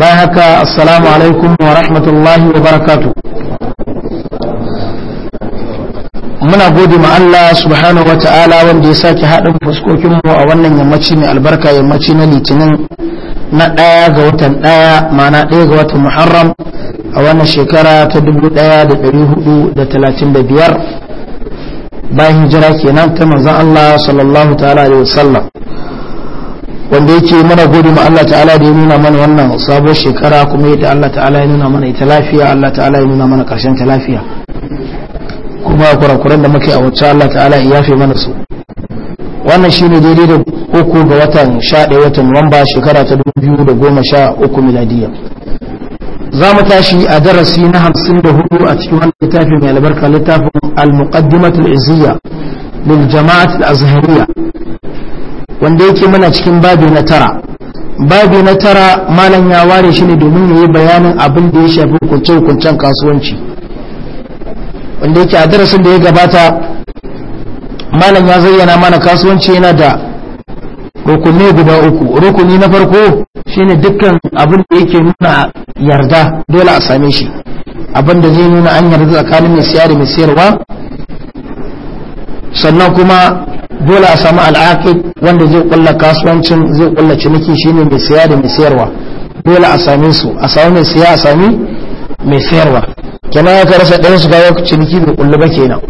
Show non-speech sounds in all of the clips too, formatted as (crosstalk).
ba haka assalamu alaikum wa rahmatullahi wa barakatu muna gode ma Allah subhanahu wa ta'ala wanda ya sake haɗin fuskokinmu a wannan yammaci mai albarka yammaci na litinin na ɗaya ga watan ɗaya mana ɗaya ga watan muharram a wannan shekara ta ɗaya da da da talatin 1435 bayan hijira kenan ta manzo Allah sallallahu ta'ala alaihi wasallam wanda ya ce mana gode ma Allah ta'ala da ya nuna mana wannan sabon shekara kuma yadda Allah ta'ala ya nuna mana ita lafiya Allah ta'ala ya nuna mana karshen ta lafiya kuma kurakuran da muke a wacce Allah ta'ala ya yafe mana su wannan shine daidai da uku ga watan 11 watan Nuwamba shekara ta 2013 miladiya za mu tashi a darasi na hamsin da hudu a cikin wannan littafi mai albarka littafin al-muqaddimatul izziya lil jama'at al-azhariyya wanda yake mana cikin babi na tara babi na tara malam ya ware shi ne domin ya yi bayanin abin da ya shafi hukunce-hukuncen kasuwanci wanda yake a darasin da ya gabata malam ya zayyana mana kasuwanci yana da rukuni guda uku rukuni na farko shine dukkan abin da yake nuna yarda dole a same shi abin da zai nuna an yarda tsakanin mai siya da mai siyarwa sannan kuma dole a samu al'aqid wanda zai kulla kasuwancin zai kulla ciniki shine mai siya da mai siyarwa dole a same su a samu mai siya a sami mai siyarwa kenan ya karasa ɗayan su kawo ciniki bai kullu ba kenan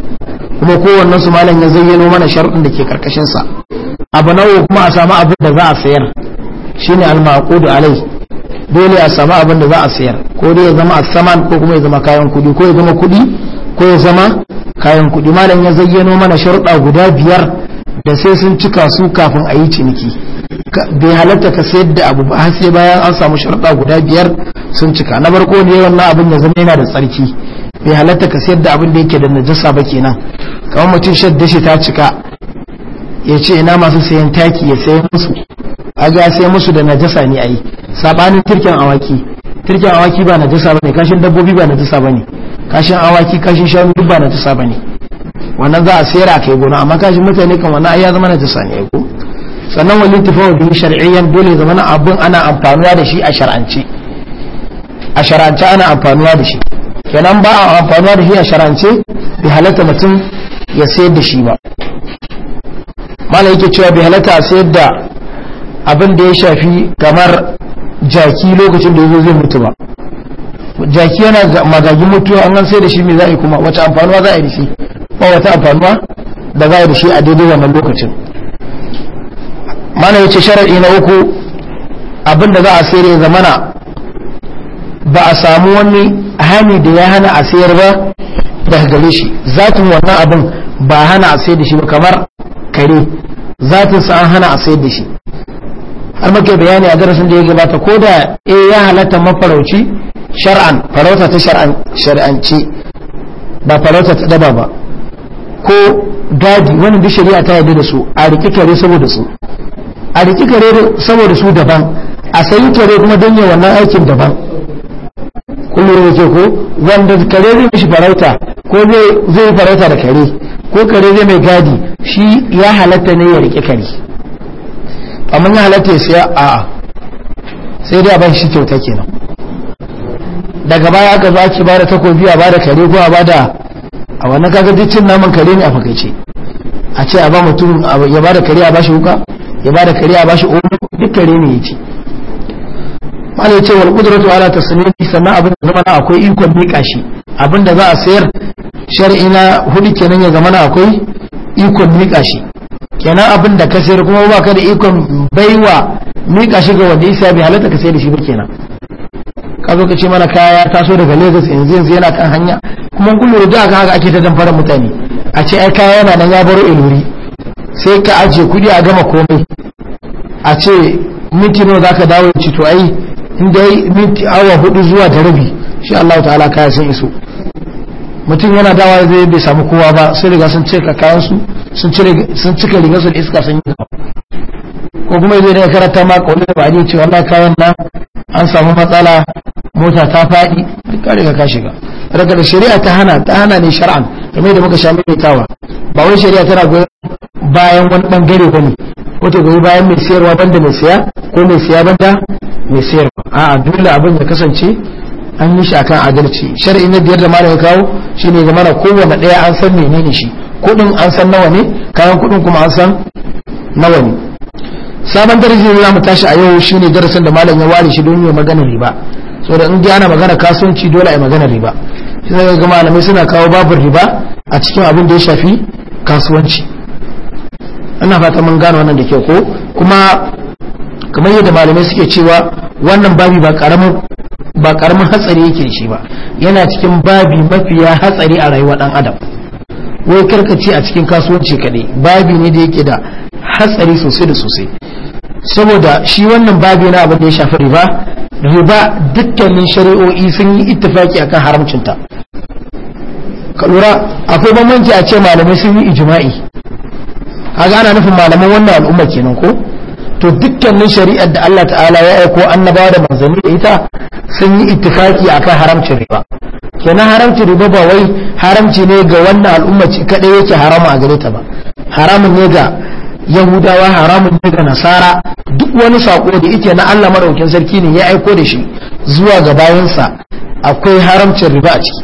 kuma kowannen su malam ya zayyano mana sharuɗin da ke karkashin sa abu nawa kuma a samu abin da za a sayar shine al-maqud alai dole a samu abin da za a sayar ko dai ya zama a saman ko kuma ya zama kayan kudi ko ya zama kudi ko ya zama kayan kuɗi malam ya zayyano mana sharuɗa guda biyar da sai sun cika su kafin a yi ciniki bai halatta ka sayar da abu ba sai bayan an samu sharuɗa guda biyar sun cika na farko ne wannan abin ya zama yana da tsarki bai halatta ka sayar da abin da yake da najasa ba kenan kamar mutum shadda shi ta cika ya ce ina masu sayan taki ya sayar musu a ga sai musu da najasa ne a yi saɓanin turken awaki turken awaki ba najasa ba ne kashin dabbobi ba najasa ba ne kashin awaki kashin shanu duk ba na tasa ba ne wannan za a sayar a kai gona amma kashin mutane kan wannan ya zama na tasa ne ko sannan wani tafawa bin shar'iyyan dole zama na abin ana amfanuwa da shi a shar'ance a shar'ance ana amfanuwa da shi kenan ba a amfanuwa da shi a shar'ance bai halatta mutum ya sayar da shi ba mala yake cewa bai halatta a sayar da abin da ya shafi kamar jaki lokacin da ya zo zai mutu ba jaki yana magagi mutuwa an sai da shi mai za a yi kuma wata amfanuwa za a yi da shi ba wata amfanuwa da za yi da shi a daidai wannan lokacin mana yace sharaɗi na uku abinda za a sayar ya zamana ba a samu wani hani da ya hana a sayar ba da gare shi zatin wannan abin ba hana a sayar da shi ba kamar kare zatin sa an hana a sayar da shi har muke bayani a darasin da ya gabata ko da eh ya halatta mafarauci shar'an farauta ta shar'anci ba farauta ta daba ba ko gadi wani da shari'a ta yarda da su a riki kare saboda su a riki kare saboda su daban a sayi kare kuma don yin wannan aikin daban kullum ce ko wanda kare zai mishi farauta ko zai farauta da kare ko kare zai mai gadi shi ya halatta ne ya riƙe kare amma ya halatta ya siya a sai dai a ban shi kyauta kenan daga baya aka zo ake bada takobi a bada kare ko a bada a wannan kaga duk cin naman kare ne a fakaice a ce a ba mutum ya bada kare a bashi wuka ya bada kare a bashi omo duk kare ne yace malai ce wal qudratu ala tasmini sannan abin da zama akwai ikon mika shi abin da za a sayar shar'i na hudu kenan ya zama akwai ikon mika shi kenan abin da ka sayar kuma ba ka da ikon baiwa mika shi ga wanda isa bai halatta ka sayar da shi ba kenan ka zo ka ce mana kaya ya taso daga Lagos yanzu yanzu yana kan hanya kuma kullum da aka haka ake ta damfara mutane a ce ai kaya yana nan ya baro iluri sai ka ajiye kudi a gama komai a ce minti nawa zaka dawo ci to ai in dai minti awa hudu zuwa da rabi shi Allah ta'ala kaya sun iso mutum yana dawa zai bai samu kowa ba sai riga sun cika kayan su sun cika riga su da iska sun yi ko kuma zai daga karanta ma kawai da ba a cewa Allah kayan na an samu matsala mota ta faɗi duk ka riga ka shiga daga shari'a ta hana ta hana ne shar'an kamar da muka sha tawa ba wai shari'a tana goyon bayan wani bangare ko ne ko ta goyi bayan mai sayarwa banda mai siya, ko mai siya banda mai sayarwa a'a dole abin ya kasance an yi shi akan adalci Shari'in na biyar da malam ya kawo shine ga mana kowanne ɗaya an san menene shi kuɗin an san nawa ne kayan kuɗin kuma an san nawa ne sabon darasi da mu tashi a yau shine darasin da malam ya ware shi don yi magana riba saboda in dai ana magana kasuwanci dole a magana riba sai ga malamai suna kawo babin riba a cikin abin da ya shafi kasuwanci ina fata mun gano wannan da kyau ko kuma kamar yadda malamai suke cewa wannan babi ba karamin ba karamin hatsari yake shi ba yana cikin babi mafiya hatsari a rayuwar dan adam wai karkace a cikin kasuwanci kaɗai babi ne da yake da hatsari sosai da sosai saboda shi wannan babu na abin da ya shafi riba riba dukkanin shari'o'i sun yi ittifaki akan haramcinta ka lura akwai bambanci a ce malamai sun yi ijima'i. kaga ana nufin malaman wannan al'umma kenan ko to dukkanin shari'ar da Allah ta'ala ya aiko annaba da manzanni da ita sun yi ittifaki akan haramcin riba kenan haramcin riba ba wai haramci ne ga wannan al'umma kadai yake harama a gare ta ba haramun ne ga yahudawa haramun ne ga nasara duk wani sako da yake na Allah maraukin sarki ne ya aiko da shi zuwa ga bayansa akwai haramcin riba a ciki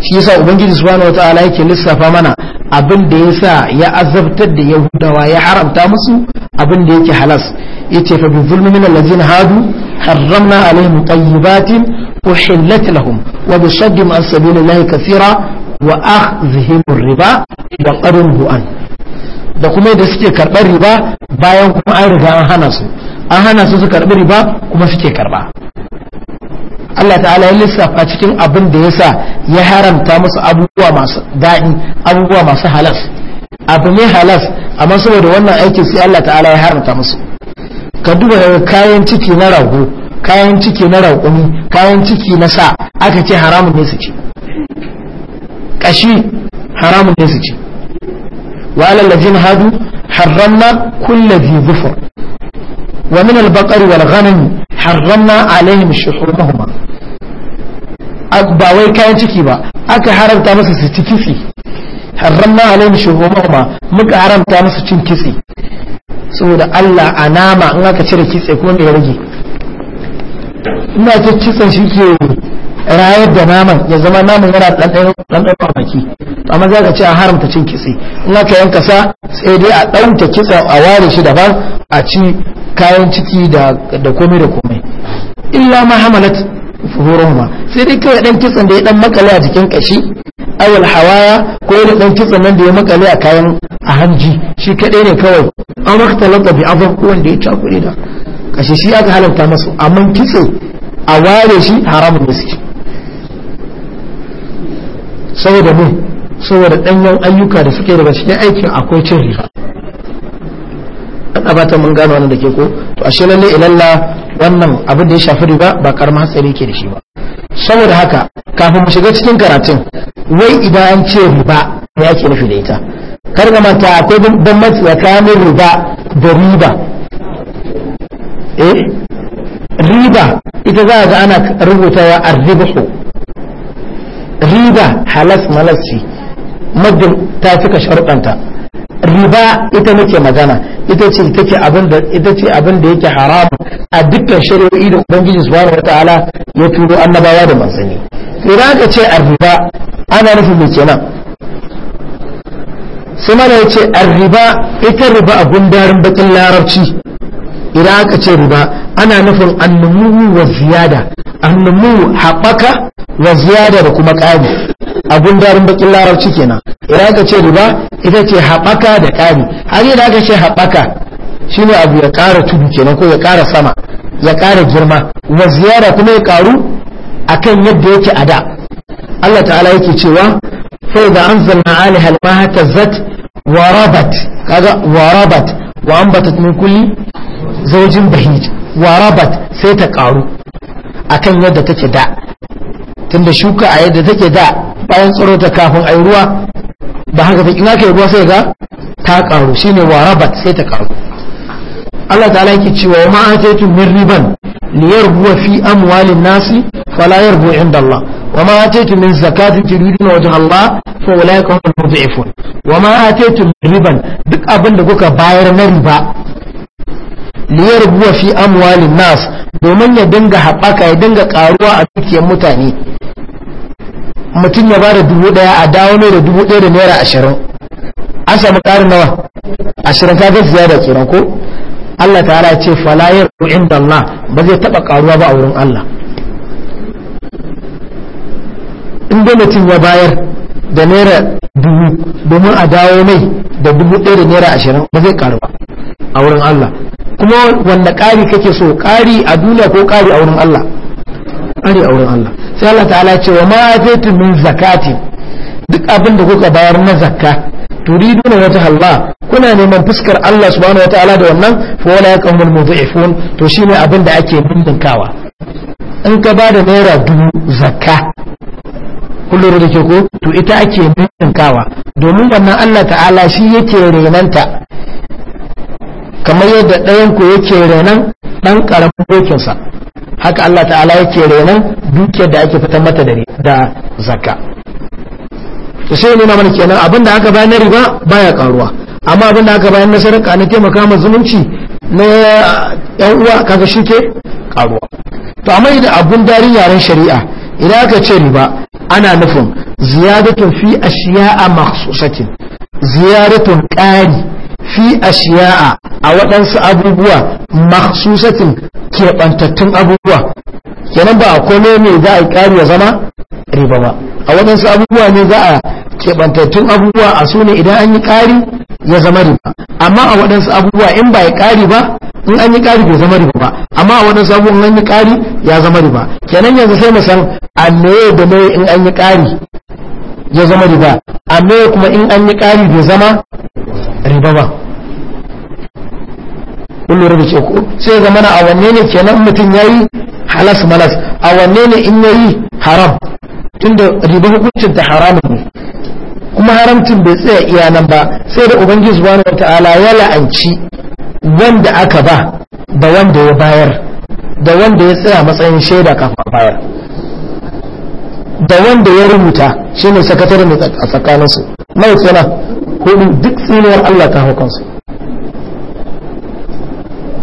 shi yasa ubangiji subhanahu wataala yake lissafa mana abin da yasa ya azabtar da yahudawa ya haramta musu abin da yake halas yace fa bi zulmi min allazina hadu حرمنا عليهم طيبات أحلت لهم وبصدهم عن سبيل wa كثيرا riba wa وقرنه عنه da kuma yadda suke karɓar riba bayan kuma an riga an hana su an hana su su karɓi riba kuma suke karɓa Allah ta'ala ya lissafa cikin abin da yasa ya haramta musu abubuwa masu daɗi abubuwa masu halas abu ne halas amma saboda wannan aikin sai Allah ta'ala ya haramta musu ka duba daga kayan ciki na rago kayan ciki na raƙumi kayan ciki na sa aka ce haramun ne su ci ƙashi haramun ne su ci وعلى الذين هادوا حرمنا كل ذي ظفر ومن البقر والغنم حرمنا عليهم شحومهما ba wai kayan ciki ba aka haramta masa su ci kitse haramna alaihim shuhumahuma muka haramta musu cin kitse da Allah a nama in aka cire kitse ko me rage ina ce kitsen rayar da naman ya zama naman yana ɗanɗan a baki amma za ce a haramta cin kitse in aka yanka sa sai dai a ɗauta kitsa a ware shi daban a ci kayan ciki da komai da komai illa ma hamalat fuhuruhuma sai dai kawai ɗan kitsan da ya ɗan makale a jikin ƙashi awal hawaya ko ya ɗan kitsan nan da ya makale a kayan a hanji shi kaɗai ne kawai an maka talaka bi abin wanda ya da ƙashi shi aka halarta masu amma kitse a ware shi haramun da suke saboda ne saboda ɗanyen ayyuka da suke daga cikin aikin akwai cin riba an abata mun gano wannan da ke ko to ashe lalle ilalla wannan abin da ya shafi riba ba karamar hatsari ke da shi ba saboda haka kafin mu shiga cikin karatun wai idan an ce riba ya ke nufi da ita kar ga mata akwai bambanci tsakanin riba da riba eh riba ita za a ga ana rubutawa ar-ribhu riba halas malas ce muddin ta cika sharuɗanta riba ita nake magana ita ce take abin da ita ce abin da yake haram a dukkan shari'o'i da ubangiji subhanahu wataala ya turo annabawa da manzanni idan aka ce riba ana nufin me kenan sai mana yace riba ita riba abun darin bakin larabci idan aka ce riba ana nufin annumu wa ziyada annumu haɓaka wa ziyada da kuma ƙari a gundarin bakin larabci kenan idan aka ce riba ita ce haɓaka da ƙari har idan aka ce haɓaka shine abu ya ƙara tudu kenan ko ya ƙara sama ya ƙara girma wa ziyada kuma ya ƙaru akan yadda yake a da Allah ta'ala yake cewa fa da anzalna 'alaiha Ali maa tazzat wa rabat kaga wa rabat wa min kulli zawjin bahij wa sai ta ƙaru akan yadda take da tunda shuka a yadda take da bayan tsaro ta kafin ayi ruwa ba haka ta in aka yi ruwa sai ga ta karu shine warabat sai ta karu Allah ta'ala yake cewa wa ma'atatu min riban liyarbuwa fi amwalin nasi fala yarbu inda Allah wa ma'atatu min zakatin na wajen Allah fa ulaika hum mudhifun wa ma'atatu min riban duk abin da kuka bayar na riba liyarbuwa fi amwalin nas domin ya dinga haɓaka ya dinga ƙaruwa a dukiyar mutane mutum ya bada dubu ɗaya a dawo ne da dubu ɗaya da naira ashirin an samu ƙarin nawa ashirin ta gajiya da kenan ko Allah ta'ala ya ce falayar yarbu inda Allah ba zai taɓa ƙaruwa ba a wurin Allah in da mutum ya bayar da naira dubu domin a dawo mai da dubu ɗaya da naira ashirin ba zai ƙaru ba a wurin Allah kuma wanda ƙari kake so ƙari a duniya ko ƙari a wurin Allah ƙari a wurin Allah sai Allah ta'ala ce wa ma zaitu min zakati duk abin da kuka bayar na zakka na wata halba kuna neman fuskar Allah subhanahu wa ta'ala da wannan fa wala yaqamul mudhifun to shine abin da ake bindinkawa in ka ba da naira dubu zakka kullum da ke ko to ita ake ninkawa domin wannan Allah ta'ala shi yake renanta kamar yadda ɗayan ku yake renan ɗan bokin dokinsa haka Allah ta'ala yake renan dukiyar da ake fitar mata da zakka to sai nuna mana kenan abinda aka bayar na riba baya karuwa amma abinda aka bayar na sarƙa na taimaka ma zumunci na yan uwa kaga shi ke karuwa to amma idan abun dari yaren shari'a idan aka ce riba ana nufin ziyaratun fi ashiya'a makhsusatin ziyaratun qari fi ashiya'a a waɗansu abubuwa makhsusatin kebantattun abubuwa kenan ba akwai ne za a kari ƙari ya zama riba ba a waɗansu abubuwa ne za a abubuwa a su ne idan an yi ƙari ya zama riba amma a waɗansu abubuwa in ba ya ƙari ba in an yi ƙari bai zama riba ba amma wani sabu in an yi ƙari ya zama riba kenan yanzu sai mu san annaye da mai in an yi ƙari ya zama riba annaye kuma in an yi ƙari bai zama riba ba kun lura da ko sai zama na awanne ne kenan mutum ya yi halas malas awanne ne in ya yi haram tunda riba hukuncin ta haramun ne kuma haramcin bai tsaya iya nan ba sai da ubangiji subhanahu wataala ya la'anci wanda aka ba da wanda ya bayar da wanda ya tsaya matsayin shaida kafin bayar da wanda ya rubuta shi ne sakatare mai a tsakaninsu mai suna hudu duk tsinuwar Allah ta hukansu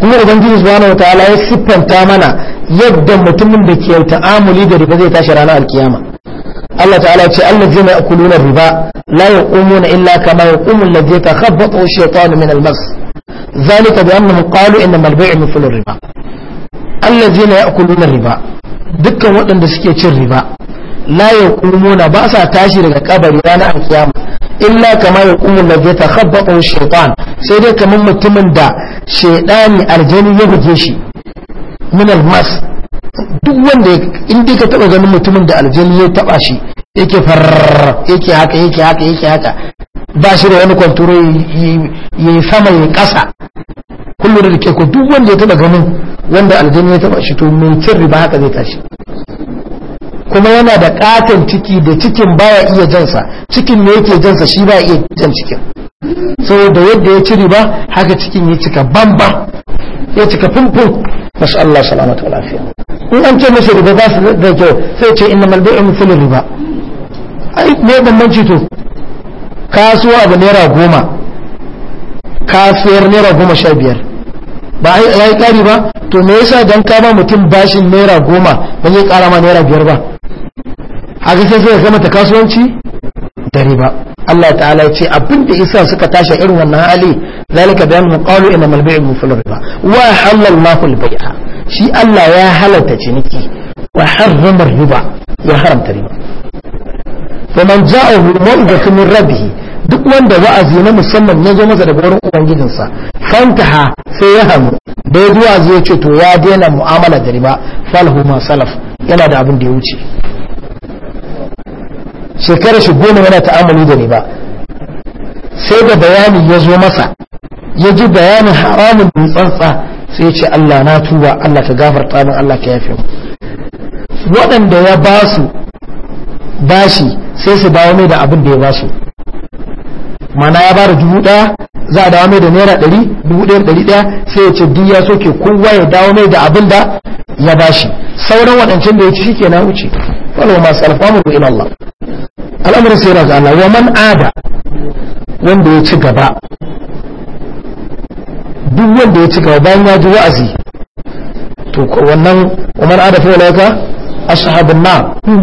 kuma ubangiji subhanahu wa ta'ala ya siffanta mana yadda mutumin da ke ta'amuli da riba zai tashi ranar alkiyama Allah ta'ala ce Allah zai mai na riba la yaqumuna illa kama yaqumu allazi takhabbathu shaytanu min al-mas ذلك بأنهم قالوا إنما البيع مثل الربا الذين يأكلون الربا دكا ودن دسكي الربا لا يقومون بأسا تاشر كبر رانا القيامة إلا كما يقوم الذي يتخبطه الشيطان سيدي كما متمن دا شيطاني الجني يبجيشي من المس duk wanda in dai ka taba ganin mutumin da aljani ya taba shi yake farrar yake haka yake haka yake haka ba shi da wani kwantoro ya yi sama ya kasa kullum da ke ko duk wanda ya taba ganin wanda aljanna ya taba shi to mai cin riba haka zai tashi kuma yana da katon ciki da cikin baya iya jansa cikin ne yake jansa shi ba iya jan cikin saboda yadda ya ci riba haka cikin ya cika bambam ya cika fimfim masu Allah salamata lafiya in an ce mashi riba ba su da kyau sai ce inna in fili riba ai me bambanci to kasuwa abu naira goma kasuwar naira goma sha biyar ba ya yi kari ba to me yasa dan kama mutum bashin naira goma ba zai ƙara ma naira biyar ba haka sai sai ya ta kasuwanci da ba. Allah ta'ala ya ce abin da isa suka tashi irin wannan hali zalika bayan mu qalu inna mal bai'u muful riba wa halallahu al bai'a shi Allah ya halalta ciniki wa harrama riba ya haramta riba faman ja'ahu mu'izatun min rabbihi duk wanda wa'azi na musamman ya zo masa daga wurin ubangijinsa fantaha sai ya hannu da ya zuwa zai ce to ya daina mu'amala da riba falhu ma salaf yana da abin da ya wuce shekarar shi goma yana ta'amali da riba sai da bayani ya zo masa ya ji bayanin haramun tsantsa sai ya ce Allah na tuba Allah ka gafarta min Allah ka yafe mu waɗanda ya basu bashi sai su dawo mai da abin da ya basu. su mana ya bada dubu daya za a dawo mai da naira ɗari dubu ɗaya ɗari ɗaya sai ya ce duk ya soke kowa ya dawo mai da abin da ya bashi sauran waɗancan da ya ci shike na wuce wala ma salfamu ila Allah al'amuran sai raga Allah wa man ada wanda ya ci gaba duk wanda ya ci gaba bayan ya ji wa'azi to wannan wa man ada fa ka ashabun na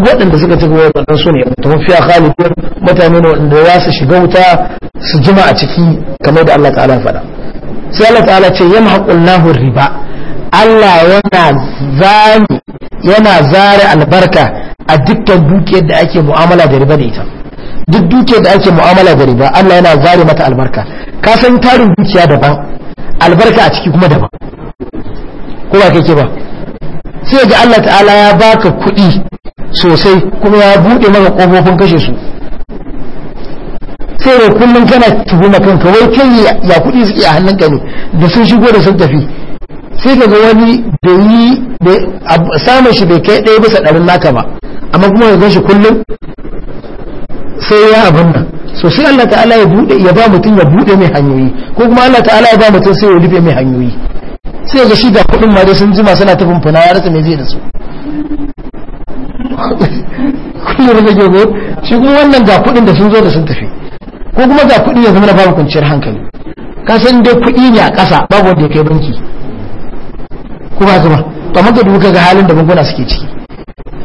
waɗanda suka tafi waɗanda su ne mafiya khalidun mutane ne waɗanda za su shiga wuta su jima a ciki kamar da Allah ta'ala faɗa sai Allah ta'ala ce yamma haƙullahu riba Allah yana zani yana zare albarka a dukkan dukiyar da ake mu'amala da riba da ita duk dukiyar da ake mu'amala da riba Allah yana zare mata albarka ka san tarin dukiya daban albarka a ciki kuma daban ko ba kake ba sai ga Allah ta'ala ya baka kuɗi sosai kuma ya buɗe maka ƙofofin kashe su sai da kullum kana tuhuma kanka wai kai ya kuɗi suke a hannunka ne da sun shigo da sun tafi sai daga wani da yi samun shi bai kai ɗaya bisa ɗarin naka ba amma kuma ya gan shi kullum sai ya abin nan so sai Allah ta'ala ya ya ba mutum ya buɗe mai hanyoyi ko kuma Allah ta'ala ya ba mutum sai ya rufe mai hanyoyi sai ga shi ga kudin ma dai sun jima suna ta fumfuna ya rasa me zai da su kullum da go shi kuma wannan ga kudin da sun zo da sun tafi ko kuma ga kudin ya zama na babu kwanciyar hankali ka san dai kudi ne a ƙasa babu wanda ya kai banki ko ba zama to amma ga dubu ga halin da banguna suke ciki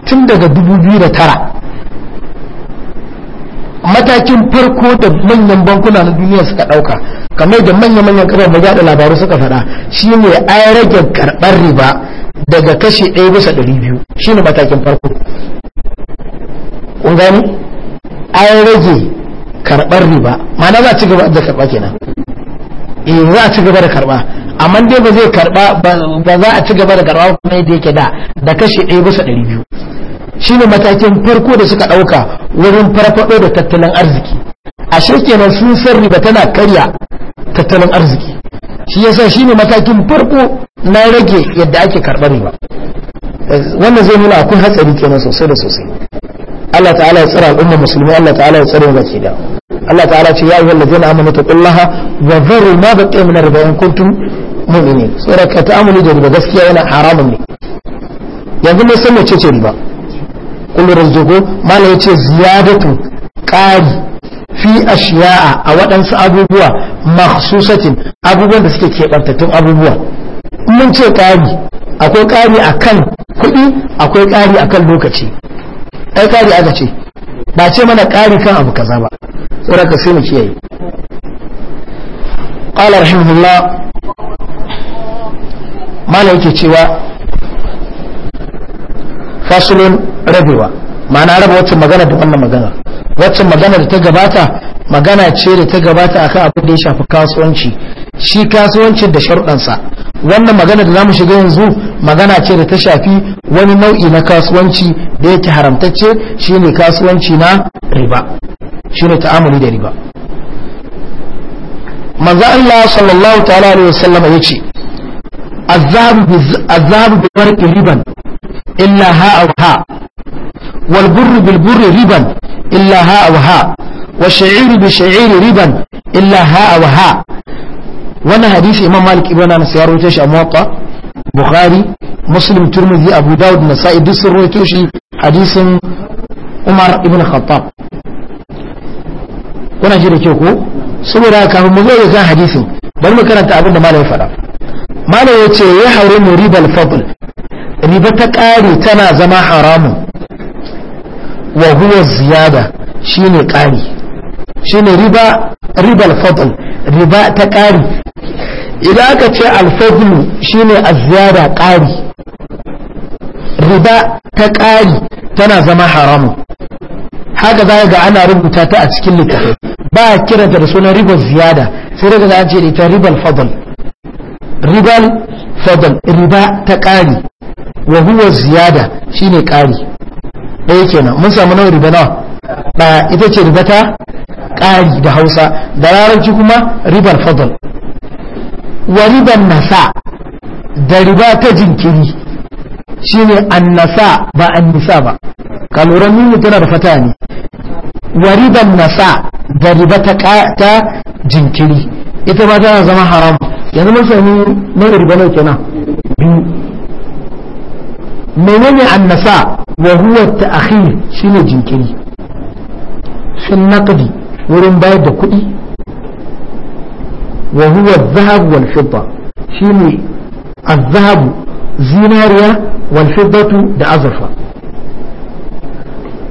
tun daga dubu biyu da tara matakin farko da manyan bankuna na duniya suka dauka kamar da manya-manyan kafar mu da labaru suka faɗa shine an rage karɓar riba daga kashi 1 bisa 200 shine matakin farko kun gani an rage karɓar riba ma'ana za a ci gaba da karɓa kenan eh za a ci gaba da karɓa amma dai ba zai karɓa ba za a ci gaba da karɓa kuma yadda yake da da kashi 1 bisa 200 shine matakin farko da suka ɗauka wurin farfaɗo da tattalin arziki a kenan sun san riba tana karya tattalin arziki shi yasa shine matakin farko na rage yadda ake karɓar riba wannan zai nuna akwai hatsari kenan sosai da sosai Allah ta'ala ya tsara al'umma musulmi Allah ta'ala ya tsare baki da Allah ta'ala ce ya ayyuhal ladina amanu taqullaha wa dharu ma baqiya min riba in kuntum mu'minin tsara ka ta'amuli da riba gaskiya yana haramun ne yanzu mun san mece ce riba kullum zago mala ya ce ziyadatu ƙari fi ashiya'a a waɗansu abubuwa makhsusatin abubuwan da suke keɓantattun abubuwa mun ce ƙari akwai ƙari a kan kuɗi akwai ƙari a kan lokaci ai ƙari aka ce ba ce mana ƙari kan abu kaza ba tsoron ka sai mu kiyaye ƙalar rahimahullah mana yake cewa fasulun rabewa ma'ana raba wacce magana da wannan magana wacce magana da ta gabata magana ce da ta gabata akan abin da ya shafi kasuwanci shi kasuwancin da sharuɗansa wannan magana da zamu shiga yanzu magana ce da ta shafi wani nau'i na kasuwanci da yake haramtacce shine kasuwanci na riba shine ta'amuli da riba manzo Allah sallallahu ta'ala alaihi wasallam yace azab azab bi riban إلا ها أو ها والبر بالبر ربا إلا ها أو ها والشعير بالشعير ربا إلا ها أو ها وانا حديث إمام مالك ابن أنس يروي تشي أموقع بخاري مسلم ترمذي أبو داود نسائي دس روي تشي حديث عمر ابن الخطاب kuna ji da ke ko saboda kafin mu zo ga hadisin bari mu karanta abin da malai ya faɗa malai ya ce ya haure mu ribal fadl riba ta ƙari tana zama haramun wa huwa ziyada shine ƙari shine riba ribal fadl riba ta ƙari idan aka ce alfadlu shine aziyada ƙari riba ta ƙari tana zama haramun haka za ga ana rubuta ta a cikin littafi ba a kiranta da sunan ribar ziyada sai daga za a ce ita ribal fadl ribal fadl riba ta ƙari wa huwa ziyada shine ƙari ɗaya kenan mun samu nawa riba nawa ba ita ce riba ta ƙari da hausa da larabci kuma ribar fadl wa ribar nasa da riba ta jinkiri shine nasa ba an annisa ba ka lura nuna tana da fata ne wa ribar nasa da riba ta jinkiri ita ba tana zama haram yanzu mun samu nawa riba nawa kenan biyu menene annasa wa huwa ta'khir shine jinkiri sun naqdi wurin bayar da kuɗi wa huwa dhahab wal fidda shine az-zahab zinariya wal fiddatu da azurfa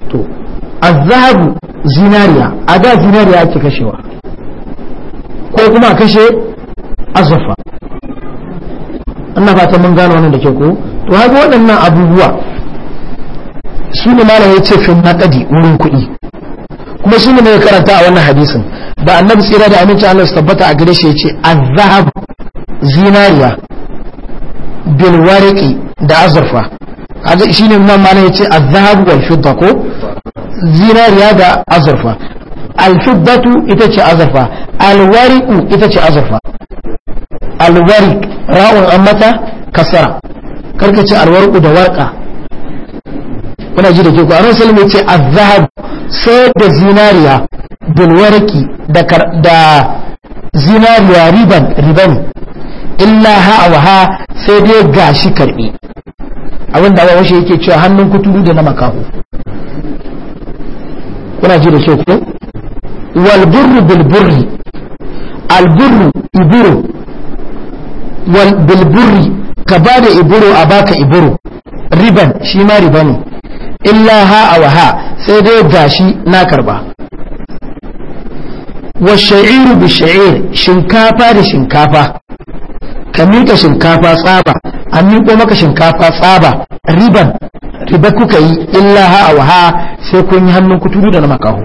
to az-zahab zinariya a da zinariya ake kashewa ko kuma kashe azurfa ina fata mun gano wannan da ke ko to haka waɗannan abubuwa su ne malam ya ce fin naƙadi wurin kuɗi kuma su ne mai karanta a wannan hadisin da annabi tsira da aminci Allah su tabbata a gare shi ya ce azhab zinariya bil warqi da azurfa haka ne nan malam ya ce azhab wal fidda ko zinariya da azurfa alfiddatu ita ce azurfa alwariku ita ce azurfa alwarik ra'un an mata karka karkace alwariku da warka kuna ji da ke ku anan salmi ce azhab sai da zinariya bilwarki da zinariya riban riban illa ha wa ha sai dai gashi karbi abinda ba washe yake cewa hannun kuturu da na makahu kuna ji da ke ku والبر بالبر البر إبرو بالبر كبار إبرو أباك إبرو ربا شما رباني إلا ها أو ها سيدي داشي ناكربا والشعير بالشعير شنكافة لشنكافة كميك شنكافة صابة أميك ومك شنكافة صابة ربا riba kuka yi illa ha a waha sai kun yi hannun kuturu da na makaho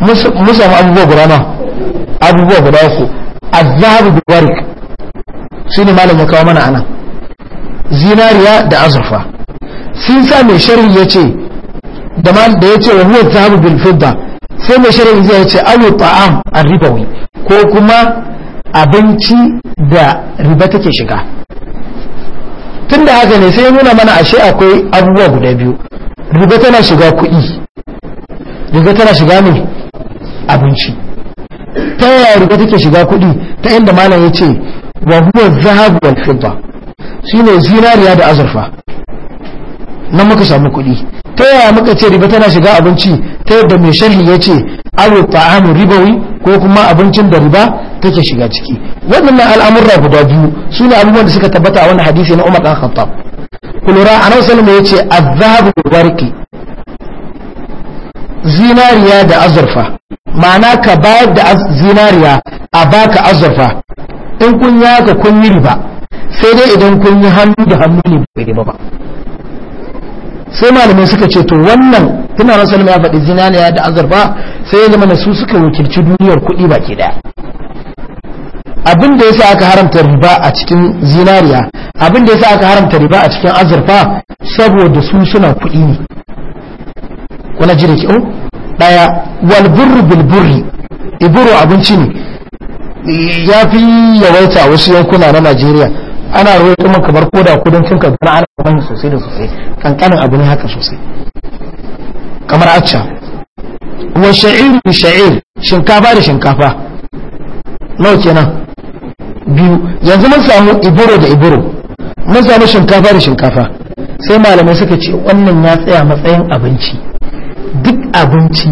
mun abubuwa guda na abubuwa guda uku zahabu da warik ne malamin kawo mana ana zinariya da azurfa sun sa mai ya ce da mal da ya wa huwa zahabu bin fidda sai mai shari'i zai yace awu ta'am ar-ribawi ko kuma abinci da riba take shiga tunda haka ne sai ya nuna mana ashe akwai abubuwa guda biyu riba tana shiga kuɗi riba tana shiga ne abinci ta yaya riga take shiga kuɗi ta inda malam ya ce wa huwa zahabu wal fidda shine zinariya da azurfa nan muka samu kuɗi ta yaya muka ce riba tana shiga abinci ta yadda mai sharhi ya ce abu ta'amu ribawi ko kuma abincin da riba take shiga ciki waɗannan al'amurra guda biyu su ne abubuwan da suka tabbata a wani hadisi na umar ɗan khattab kulura a nan salama ya ce azabu warki zinariya da azurfa ma'ana ka bayar da zinariya a baka azurfa in kun yi haka kun yi riba sai dai idan kun yi hannu da hannu ne bai riba ba sai malamai suka ce to wannan tana ne ya faɗi zinariya da azurfa sai ya zama na su suka wakilci duniyar kuɗi baki daya abin da ya sa aka haramta riba a cikin zinariya abin da ya sa aka haramta riba a cikin azurfa saboda su suna kuɗi ne kuna ji da daya wal burru bil burri iburu eh, abinci ne ya fi yawaita wasu yankuna na Najeriya ana ruwa kuma kamar koda kudancin Kaduna ana kuma sosai da sosai kankanin abu ne haka sosai kamar acca wa sha'ir bi sha'ir shinkafa da shinkafa nawa kenan biyu yanzu mun samu iburo da iburo mun samu shinkafa da shinkafa sai malamai suka ce wannan ya tsaya matsayin abinci duk abinci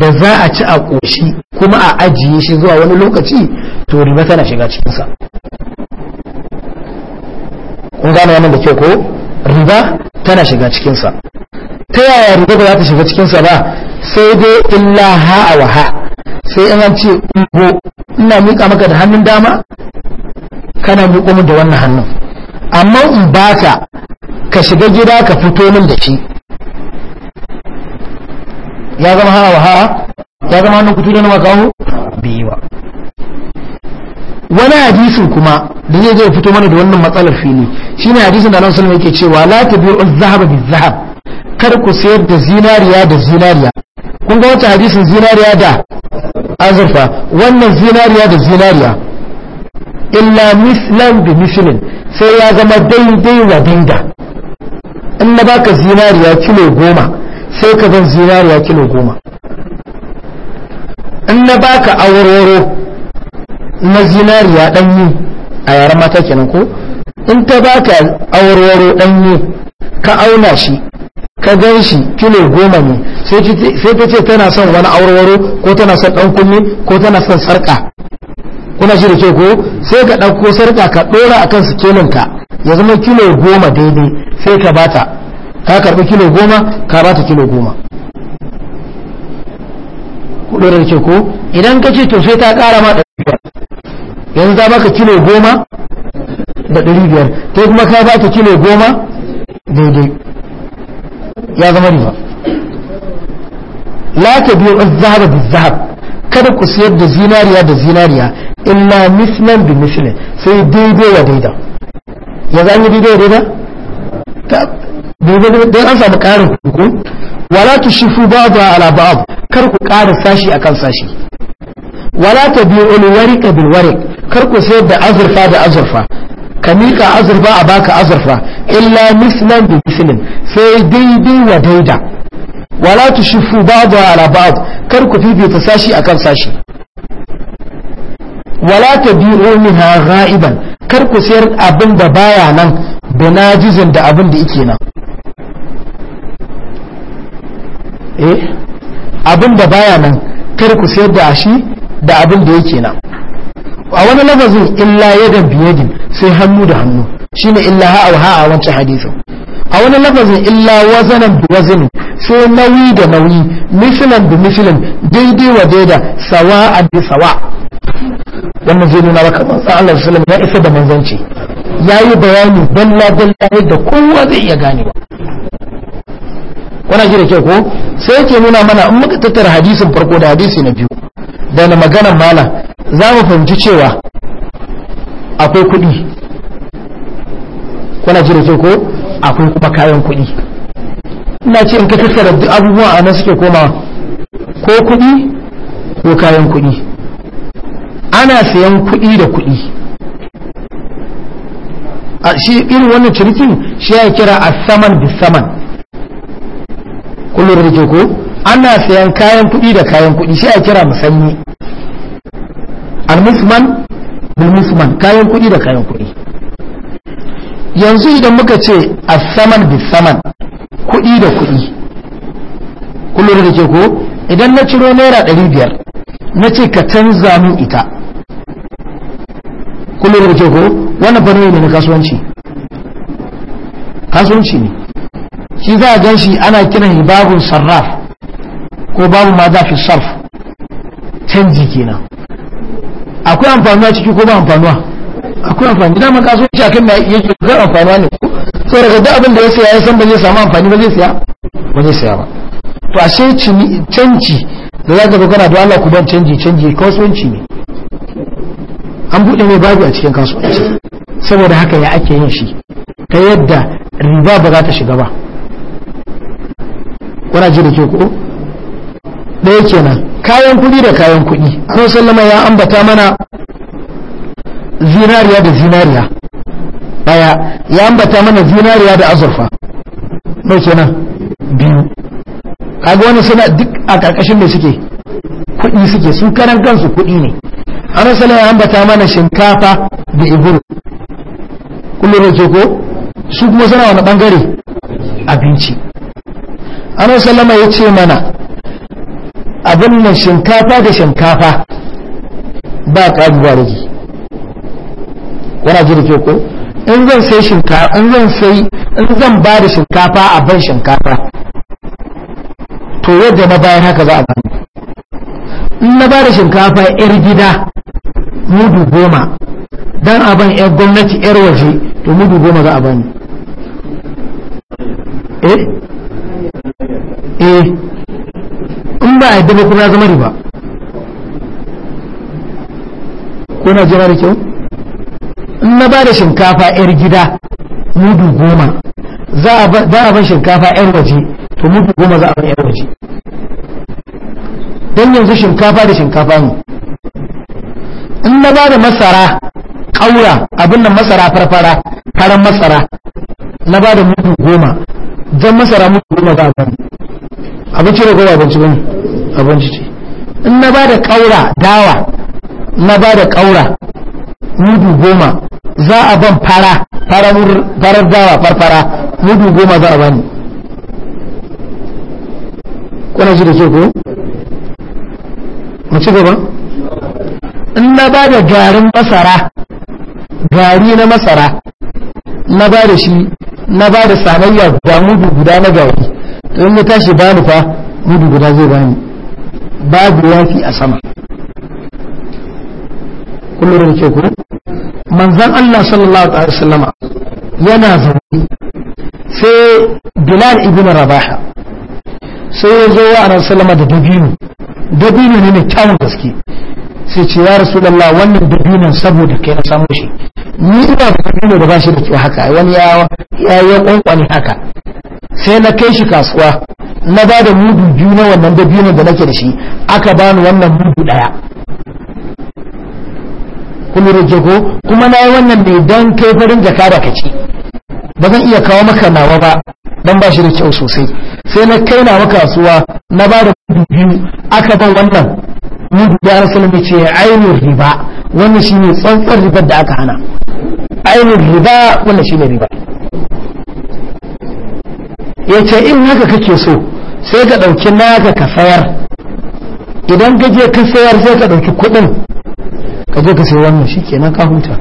da za a ci a ƙoshi kuma a ajiye shi zuwa wani lokaci to riba tana shiga cikinsa kun gane wannan da ke ko riba tana shiga cikinsa ta yaya riba ba za ta shiga cikinsa ba sai dai illa ha wa ha sai in an ce ungo ina miƙa maka da hannun dama kana miƙo min da wannan hannun amma in baka ka shiga gida ka fito min da shi ya zama hana wa hara ya zama hannun kutu da na makaho bai ba wani hadisin kuma da zai zai fito mana da wannan matsalar fili shine hadisun da Annabi yake cewa la tabi'u zahaba bi zahab kar ku sayar da zinariya da zinariya kun ga wata hadisin zinariya da azurfa wannan zinariya da zinariya illa mislan bi mislin sai ya zama daidai wa daida in na baka zinariya kilo goma sai ka ban zinariya kilo goma in na baka awarwaro na zinariya ɗanyi a yaren mata kenan ko in ta baka awarwaro ɗanyi ka auna shi ka gan shi kilo goma ne sai ta ce tana son wani awarwaro ko tana son ɗan kunne ko tana son sarƙa kuna shi da ke ko sai ka ɗauko sarƙa ka ɗora kan sikelin ka ya zama kilo goma daidai sai ka bata ka karbi kilo goma ka bata kilo goma da ce ko idan ka ce to sai ta kara ma ɗari biyar yanzu ta baka kilo goma da ɗari biyar ta kuma ka bata kilo goma daidai ya zama riba la ta biyo zahaba da zahab kada ku siyar da zinariya da zinariya illa mislan bi mislan sai daidai wa daida yanzu an yi daidai wa daida dan an samu ƙarin hukum wala tushifu ba'dha ala ba'd kar ku ƙara sashi akan sashi wala biyu warika bil warik kar ku sayar da azurfa da azurfa ka mika azurfa a baka azurfa illa mislan da mislin sai daidai wa daida wala tushifu ba'dha ala ba'd kar ku fifita sashi akan sashi wala tabi'u minha ghaiban kar ku sayar abin da baya nan da najizin da abin da ike nan eh abin da baya nan kar ku sayar da shi da abin da yake na. a wani lafazin illa yadan biyadin sai hannu da hannu shine illa ha'a wa ha'a wancan hadisin a wani lafazin illa wazanan bi wazin sai nauyi da nauyi mislan bi mislan daidai wa daida sawa a bi sawa wannan zai nuna maka manzon Allah sallallahu alaihi ya isa da manzanci yayi bayani dalla dalla da kowa zai iya ganewa kuna ji da kyau ko sai yake nuna mana in muka tattara hadisin farko da hadisi na biyu da na maganar mala za mu fahimci cewa akwai kuɗi kuna ji da kyau ko akwai kuma kayan kuɗi ina ce in ka tattara duk abubuwa a nan suke koma ko kuɗi ko kayan kuɗi ana sayan kuɗi da kuɗi shi irin wannan cirkin shi ya kira a saman da saman Kullum lura da ko ana sayan kayan kuɗi da kayan kuɗi shi a kira musman bil musman kayan kuɗi da kayan kuɗi yanzu idan muka ce bis-saman kuɗi da kuɗi kullum da ke ko idan na ciro naira ɗari biyar na ce ka canza min ita Kullum da ke ko wannan fanni ne na kasuwanci kasuwanci ne shi za a gan shi ana kiran babun sarraf ko babu ma za fi sarf canji kenan akwai amfanuwa ciki ko ba amfanuwa akwai amfani da man kasuwanci akan mai yake ga amfanuwa ne ko daga duk abin da ya saya ya san ba zai samu amfani ba zai saya ba zai saya ba to ashe canji da za ka kana da Allah ku ban canji canji kasuwanci ne an buɗe mai babu a cikin kasuwanci saboda haka ya ake yin shi ta yadda riba ba za ta shiga ba kuna ji da ke ko ɗaya kenan kayan kuɗi da kayan kuɗi an sallama ya ambata mana zinariya da zinariya ɗaya ya ambata mana zinariya da azurfa ɗaya kenan biyu kaga wani suna duk a ƙarƙashin da suke kuɗi suke su karan kansu kuɗi ne an sallama ya ambata mana shinkafa da iburu kullum ke ko su kuma suna wani ɓangare abinci ana sallama ya ce mana abin nan shinkafa da shinkafa ba ƙari ba rage wana ji da ke ko in zan sai shinkafa in zan sai in zan ba da shinkafa a ban shinkafa to yadda na bayan haka za a bani in na ba da shinkafa yar gida mudu goma dan a ban yar gwamnati yar waje to mudu goma za a bani eh Eh, in ba a yadda ba kuma ya zama riba kuna jira da kyau in na ba da shinkafa 'yar gida mudu goma za a ban shinkafa 'yar waje to mudu goma za a ban 'yar waje don yanzu shinkafa da shinkafa ne in na ba da masara ƙaura abin da masara farfara faran masara na ba da mudu goma jan masara mutu kuma ba bani abinci da gobe abinci ba abinci ce in na ba da ƙaura dawa na ba da ƙaura mudu goma za a ban fara farar dawa farfara mudu goma za a bani kuna shi da ke ko? mu ci gaba? in na ba da garin masara gari na masara na ba da shi na ba da sanayya ga mudu guda na gari to in ya tashi ba ni fa mudu guda zai bani babu wafi a sama kullum da ke kuma manzan Allah sallallahu alaihi wasallama yana zaune sai Bilal ibn Rabaha sai ya zo wa Annabi sallama da dabino dabino ne mai kyawun gaske sai ce ya Rasulullah wannan dabinon saboda kai na samu shi ni ina da dabino da bashi da kyau haka wani ya ya yi kwankwani haka sai na kai shi kasuwa na ba da mudu biyu na wannan dabinon da nake da shi aka bani wannan mudu daya kuma rajago kuma na yi wannan ne don kai farin jaka da kaci ba zan iya kawo maka nawa ba don ba shi da kyau sosai sai na kai nawa kasuwa na ba da mudu biyu aka ba wannan mudu da rasulun ce ainihin riba wannan shine tsantsar ribar da aka hana ainihin riba wannan shine riba ya ce in haka kake so sai ka ɗauki naka ka sayar idan ka je ka sayar sai ka ɗauki kuɗin ka je ka sayi wannan shi kenan ka huta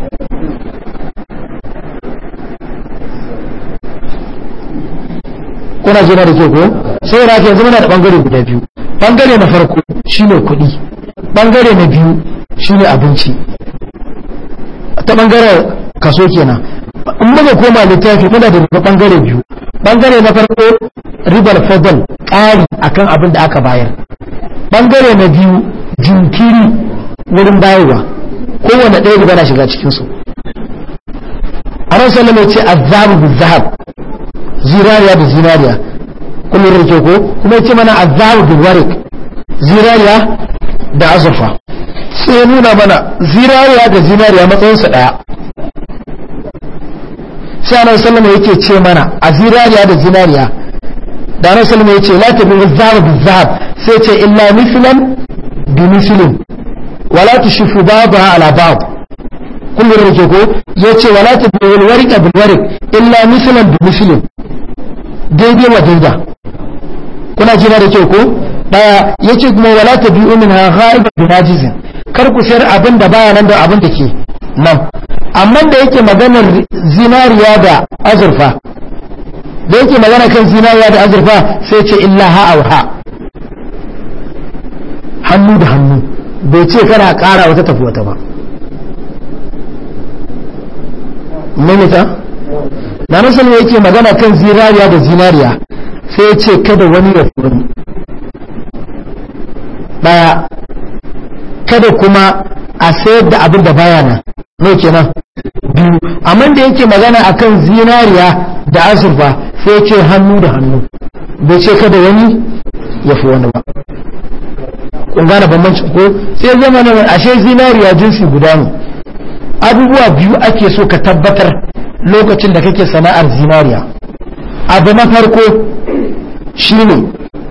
kuna jira da ke ko sai ra ke yanzu da bangare guda biyu bangare na farko shine kuɗi bangare na biyu shine abinci ta bangare kaso kenan in muka koma littafi muna da bangare biyu bangare na farko ribar fadal ƙari kan abin da aka bayar bangare na biyu jinkiri wurin bayarwa kowane ɗaya riba na shiga cikinsu a ran sallama ce a zahabu bi zahab zinariya da zinariya kullum rike ko kuma ce mana a zahabu bi warik zinariya da azurfa sai nuna mana zinariya da zinariya matsayinsu ɗaya sai annabi sallama yake ce mana a zinariya da zinariya da annabi sallama ce la bin zahab bi zahab sai ce illa mithlan bi mithlin wala tushifu ba'daha ala ba'd kullu ya ce wala tabi'u walwari warqa bil warq illa mithlan bi mithlin daidai wa daida kuna jira da kyau ko daya yace kuma wala tabi'u minha ghaiba bi najizin kar ku sayar abin da baya nan da abin da ke nan amma da yake maganar zinariya da azurfa da yake magana kan zinariya da azurfa sai ce illa ha ha hannu da hannu bai ce kana kara wata tafi wata ba mamita na nasarar yake magana kan zinariya da zinariya sai ce kada wani ya furi daya kada kuma a sayar da abin da baya nan no kenan biyu amma da yake magana akan zinariya da azurfa sai ce hannu da hannu bai ce kada wani ya fi wani ba kun gane bambanci ko sai zama na ashe zinariya jinsi guda ne abubuwa biyu ake so ka tabbatar lokacin da kake sana'ar zinariya abu na farko shine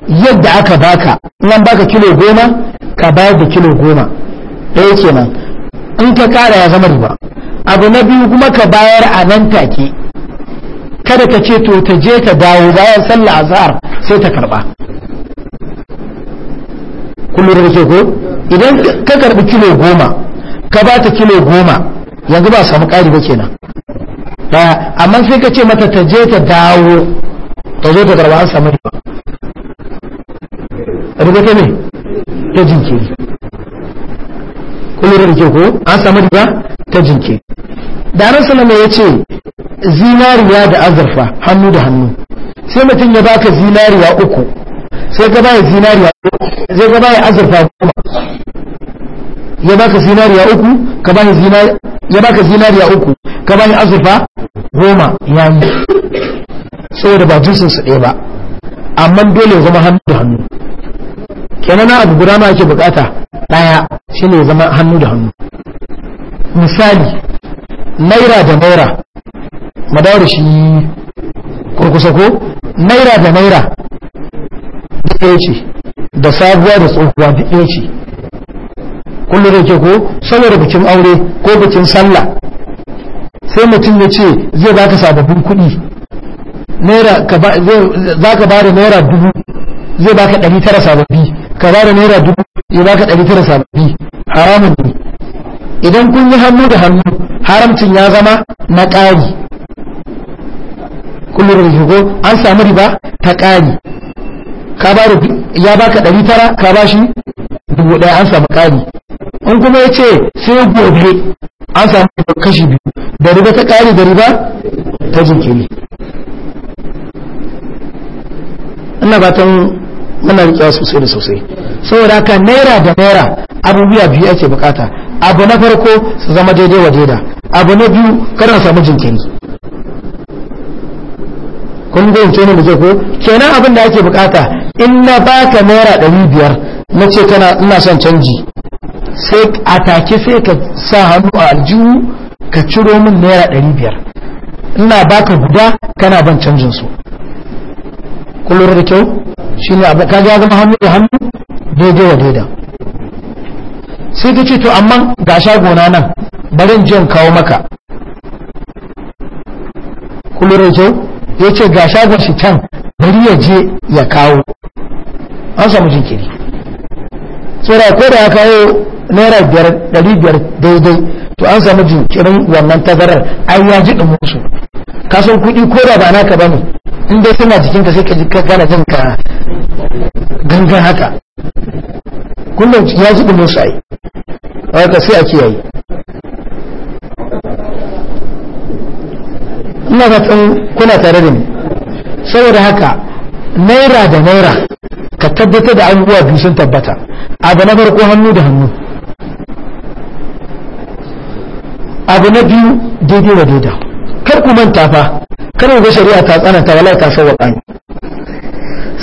yadda aka baka nan baka kilo goma ka bayar da kilo goma ɗaya kenan in ka kara ya zama riba abu na biyu kuma ka bayar a nan take kada ka ce to ta je ta dawo bayan sallah azhar sai ta karba kullum da ko idan ka karbi kilo goma ka ba ta kilo goma yanzu ba samu kari ba kenan amma sai ka ce mata ta je ta dawo ta zo ta karba an samu riba ta ne ta jinkiri kulurin da ke ko an samu riba ta jinke da ran salama ya ce zinariya da azurfa hannu da hannu sai mutum ya baka zinariya uku sai ka baya zinariya zai ka baya azurfa kuma ya baka zinariya uku ka baya zinariya ya baka zinariya uku ka baya azurfa goma yayi saboda ba jinsin su ɗaya ba amma dole ya zama hannu da hannu kenan na abu guda ma ake bukata daya shine zama hannu da hannu misali naira da naira madawar shi kurkusa ko naira da naira da ce da sabuwa da tsohuwa da ɗaya ce kullum da ke ko saboda bikin aure ko bikin sallah sai mutum ya ce zai baka sababbin kuɗi za ka ba da naira dubu zai baka ɗari tara sababbi ka ba da naira dubu ya baka ɗari tara sababbi haramun ne idan kun yi hannu da hannu haramcin ya zama na ƙari kullum da shigo an samu riba ta ƙari ka ba da ya baka ɗari tara ka ba shi dubu ɗaya an samu ƙari in kuma ya ce sai gobe an samu kashi biyu da riba ta ƙari da riba ta jinkiri ina batan muna rikewa sosai da sosai saboda haka naira da naira abubuwa biyu ake bukata abu na farko su zama daidai wa daida abu na biyu kada samu jinkiri kun ga yanke ne da ko kenan abin da ake bukata in na baka naira ɗari biyar na ce kana ina son canji sai a take sai ka sa hannu a aljihu ka ciro min naira ɗari biyar ina baka guda kana ban canjin su kullum da kyau shi ne abu kaga ya zama hannu da hannu daidai wa daida sai ta ce to amma ga gona nan barin jin kawo maka kullum jau ya ce ga shagon shi can bari ya je ya kawo an samu jinkiri tsira ko da ya kawo naira biyar dari biyar daidai to an samu jinkirin wannan tazarar an ya ji ɗin musu ka san kuɗi ko da ba naka bane in dai suna jikinka sai ka ji ka gana jin ka gangan haka kullum ya ji dumin su ai haka sai a yayi ina ga tsan kuna tare da ni saboda haka naira da naira ka tabbatar da abubuwa biyu sun tabbata abu na farko hannu da hannu abu na biyu daidai da daidai kar ku manta fa kar ku ga shari'a ta tsananta wallahi ta sauwa kan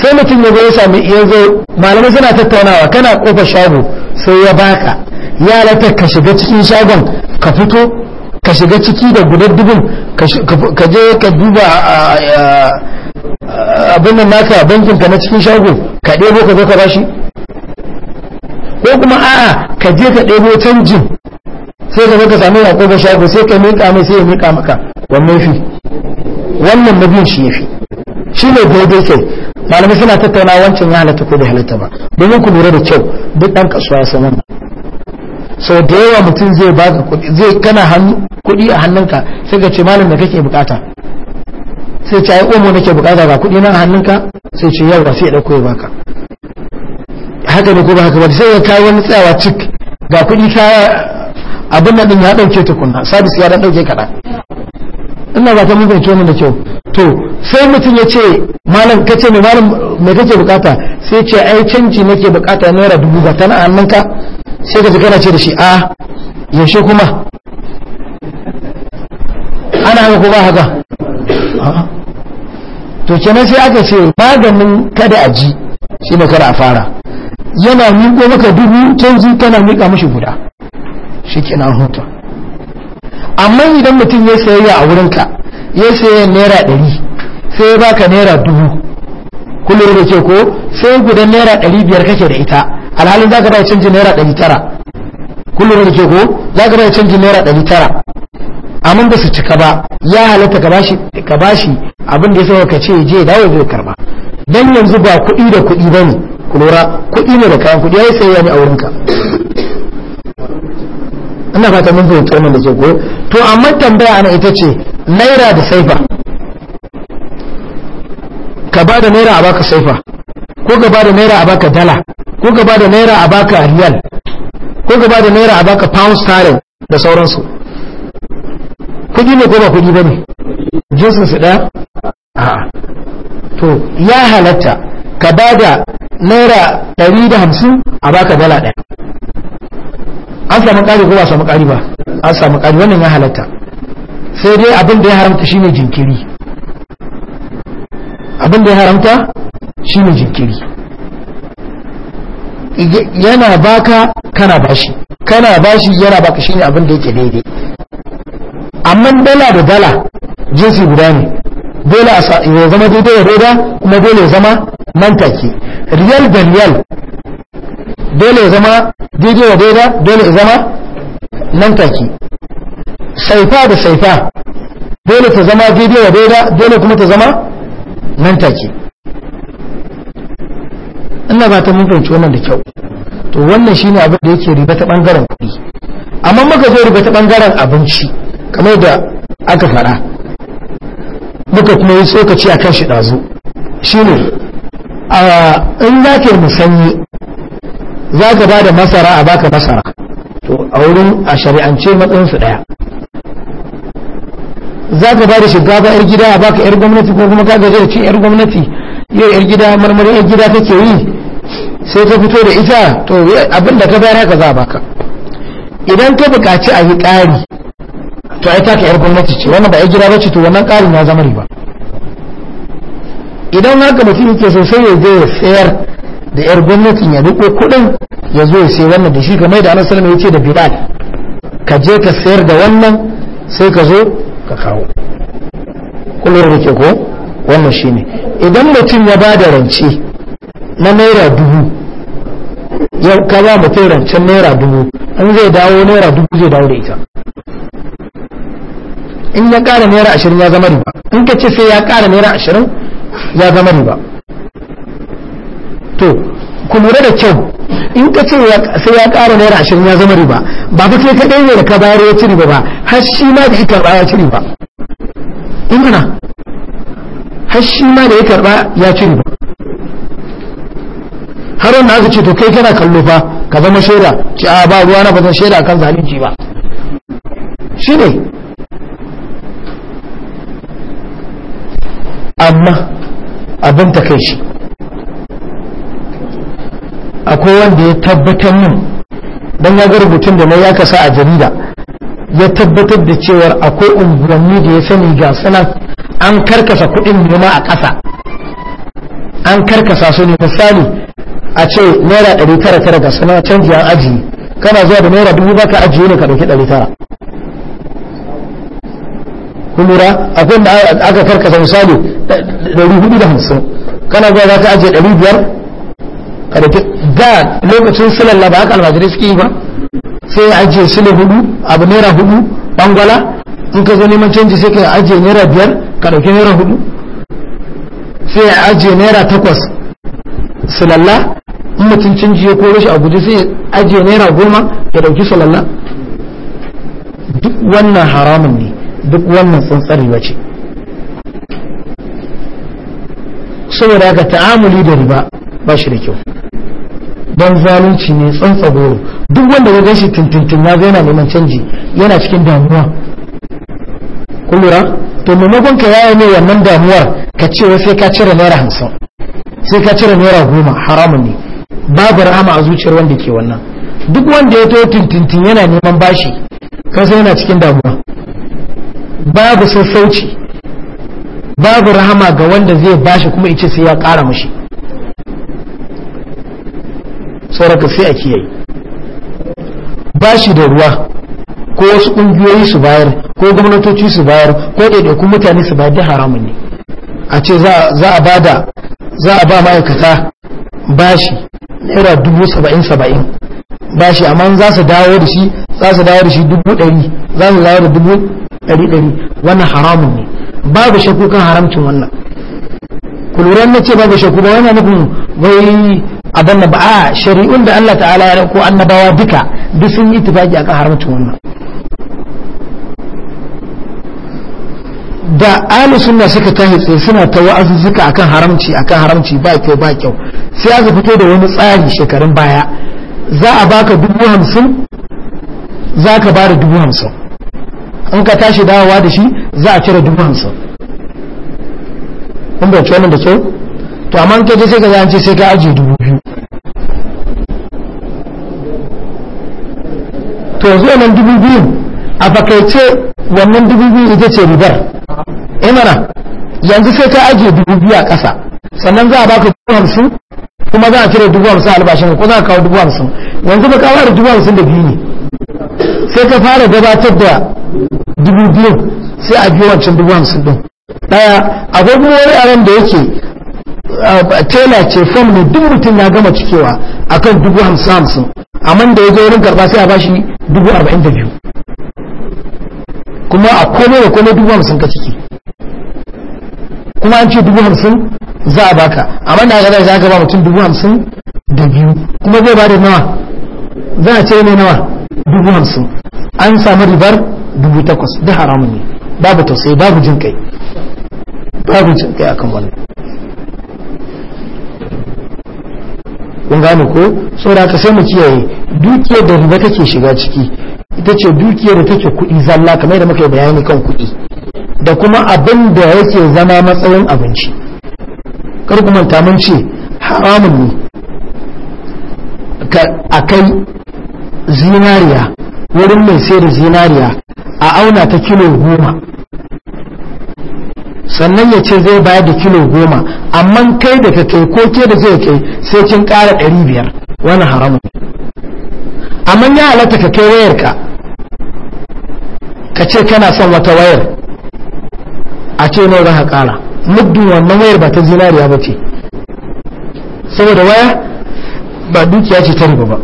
sai mutum ya ga ya sami yanzu zo malamai suna tattaunawa kana kofar shago sai ya baka ya lata ka shiga cikin shagon ka fito ka shiga ciki da guda dubin ka je ka duba abin nan naka bankin ka na cikin shago ka ɗebo ka zo ka bashi ko kuma a'a ka je ka ɗebo canjin sai ka ka samu yakubu shago sai ka mika mai sai ya mika maka wannan fi wannan mabin shi yafi shi ne daidai kai malamai suna tattauna wancan ya halatta ko bai halatta ba domin ku lura da kyau duk ɗan kasuwa ya san wannan sau da yawa mutum zai ba ka kuɗi zai kana kuɗi a hannunka sai ka ce malam da kake bukata sai ce ai omo nake bukata ga kuɗi nan a hannunka sai ce yau ba sai ya ɗauko ya baka haka ne ko ba haka ba sai ya kawo wani tsayawa cik ga kuɗi ka abin nan ya dauke tukunna sabis ya dauke kaɗan ina ba ta mun fahimci wannan da kyau to sai mutum ya ce malam kace ne malam me kake bukata sai ce ai canji nake bukata naira dubu ga tana annanka. sai ka ji kana ce da shi a ah, yaushe kuma ana haka ko ba haka to kenan sai aka ce maganin kada a ji shi ne kada a fara yana miƙo maka dubu canji kana mika mashi guda shi ke na amma idan mutum ya sayayya a wurinka ya sayayya naira ɗari sai ya baka naira dubu kullum da ke ko sai gudan naira ɗari biyar kake da ita alhalin za ka da canji naira ɗari tara kullum da ke ko za ka da canji naira ɗari tara amma ba su cika ba ya halatta ka bashi abin da ya ka ce je dawo zai karba dan yanzu ba kuɗi da kuɗi bane kulura kuɗi ne da kayan kuɗi ya sayayya ne a wurinka ina fata mun fahimci wannan da zo ko to amma tambaya ana ita ce naira da saifa ka ba da naira a baka saifa ko ka ba da naira a baka dala ko ka ba da naira a baka riyal ko ka ba da naira a baka pound sterling da sauransu kuɗi ne ko ba kuɗi ba ne jinsin su ɗaya a to ya halatta ka ba da naira 150 a baka dala ɗaya an samu ƙari ko ba samu ƙari ba an samu ƙari wannan ya halatta sai dai abin da ya haramta shine jinkiri abin da ya haramta shine jinkiri yana baka kana bashi kana bashi yana baka shine abin da yake daidai amma dala da dala jinsi guda ne dole ya zama daidai da daida kuma dole ya zama nan riyal da riyal dole zama daidai wa daida dole zama nan take saifa da saifa dole ta zama daidai wa daida dole kuma ta zama nan take ina ba ta mutunci wannan da kyau to wannan shine abin da yake riba ta bangaren kuɗi amma muka zo riba ta bangaren abinci kamar da aka fara muka kuma yi tsokaci a kan shi ɗazu shine in za ka yi musanyi za ka ba da masara a baka masara to a wurin a shari'ance matsayinsu ɗaya za ka ba da shiga ba yar gida a baka yar gwamnati ko kuma kaga zai ce yar gwamnati yau yar gida marmarin yar gida take yi sai ka fito da ita to abin da ka bayar haka za a baka idan ka buƙaci a yi ƙari to ai taka yar gwamnati ce wannan ba yar gida bace to wannan ƙarin ya zama riba idan haka mutum yake so sai ya je ya sayar da yar gwamnatin ya riko kudin ya zo ya sai wannan da shi kamar da annabi ya ce da bilal ka je ka sayar da wannan sai ka zo ka kawo kullum da ke ko wannan shine idan mutum ya bada rance na naira dubu ya ka ba mutum rancen naira dubu an zai dawo naira dubu zai dawo da ita in ya kara naira ashirin ya zama riba in ka ce sai ya kara naira ashirin ya zama riba to ku lura da kyau in ka ce sai ya ƙara naira ashirin ya zama riba ba fa kai kaɗai ne da ka bayar ya ci riba ba har shi ma da ya karɓa ya ci riba in kana har shi ma da ya karɓa ya ci riba har wanda aka ce to kai kana kallo fa ka zama shaida ce a ba ruwa na ba zan shaida kan zalunci ba shi ne amma abin ta kai shi akwai wanda ya tabbatar min don ya ga rubutun da na ya kasa a jarida ya tabbatar da cewar akwai unguwanni da ya sani ga sanan an karkasa kuɗin noma a ƙasa an karkasa su ne misali a ce naira ɗari tara tara ga sanan canji an ajiye kana zuwa da naira dubu baka ajiye ne ka ɗauki ɗari tara akwai da aka karkasa misali 450 hudu da hamsin kana zuwa za ka ajiye ɗari biyar kada da lokacin silalla laba haka almajirai suke yi ba sai ya ajiye sile hudu abu naira hudu bangwala in ka zo neman canji sai ka ajiye naira biyar ka dauki naira hudu sai ya ajiye naira takwas silalla in mutum canji ya koro shi a guje sai ya ajiye naira goma ya dauki silalla duk wannan haramun ne duk wannan tsantsarewa ce saboda ga ta'amuli da riba bashi da kyau don zalunci ne tsantsa goro duk wanda ya gashi tuntuntun ya yana neman canji yana cikin damuwa kullura to maimakon ka yaya ne wannan damuwar ka ce wa sai ka cire naira hamsin sai ka cire naira goma haramun ne babu rahama a zuciyar wanda ke wannan duk wanda ya toyo tuntuntun yana neman bashi kansa yana cikin damuwa babu sassauci babu rahama ga wanda zai bashi kuma ice sai ya kara mashi tsoraka sai a kiyaye ba shi da ruwa ko wasu ƙungiyoyi su bayar ko gwamnatoci su bayar ko ɗaiɗaikun mutane su bayar da haramun ne a ce za a ba da za a ba ma'aikata bashi naira dubu saba'in saba'in bashi amma za su dawo da shi za su dawo da shi dubu ɗari za su dawo da dubu ɗari ɗari wannan haramun ne babu shakku kan haramcin wannan kuluran na ce babu shakku ba yana nufin wai abin da ba a shari'un da Allah ta'ala ya rako annabawa duka duk sun yi tufaki kan haramcin wannan da ahlu sunna suka tahi tsaye suna ta wa'azi suka akan haramci akan haramci ba kyau ba kyau sai aka fito da wani tsari shekarun baya za a baka dubu hamsin za ka ba da dubu hamsin in ka tashi dawowa da shi za a cire dubu hamsin kun bai wannan da kyau to amma ka je sai ka zance sai ka ajiye dubu to yanzu nan dubu biyu a fakaice wannan dubu biyu ita ce ribar imana eh, yanzu sai ka ajiye dubu biyu a ƙasa sannan za a baka dubu hamsin kuma za a cire dubu hamsin albashin ko za a kawo dubu hamsin yanzu ba kawo da dubu hamsin da biyu ne sai ka fara gabatar da dubu biyu sai a biyo wancan dubu hamsin din daya akwai kuma wani yaren da yake tela ce fom ne duk mutum ya gama cikewa akan dubu hamsin hamsin amma da ya zo wurin karba sai a bashi dubu arba'in da biyu kuma a komai da komai dubu hamsin ka ciki kuma an ce dubu hamsin za a baka amma da aka za ka ba mutum dubu hamsin da biyu kuma zai ba da nawa za a ce ne nawa dubu hamsin an samu ribar dubu takwas da haramun ne babu tausayi babu jin kai babu jin kai akan wannan kun gane ko saboda ka sai mu kiyaye dukiyar da riba take shiga ciki ita ce dukiyar da take kuɗi zalla kamar da muka yi bayani kan kuɗi da kuma abin da yake zama matsayin abinci kar ku manta mun ce haramun ne a kai zinariya wurin mai sayar zinariya a auna ta kilo goma sannan ya ce zai bayar da kilo goma amma kai da ka kai ko ke da zai kai sai kin kara ɗari biyar wani haramun amma ya halatta ka kai wayar ka ka ce kana son wata wayar a ce nawa za ka ƙara muddin wannan wayar ba ta zinariya ba ce saboda waya ba dukiya ce ta riba ba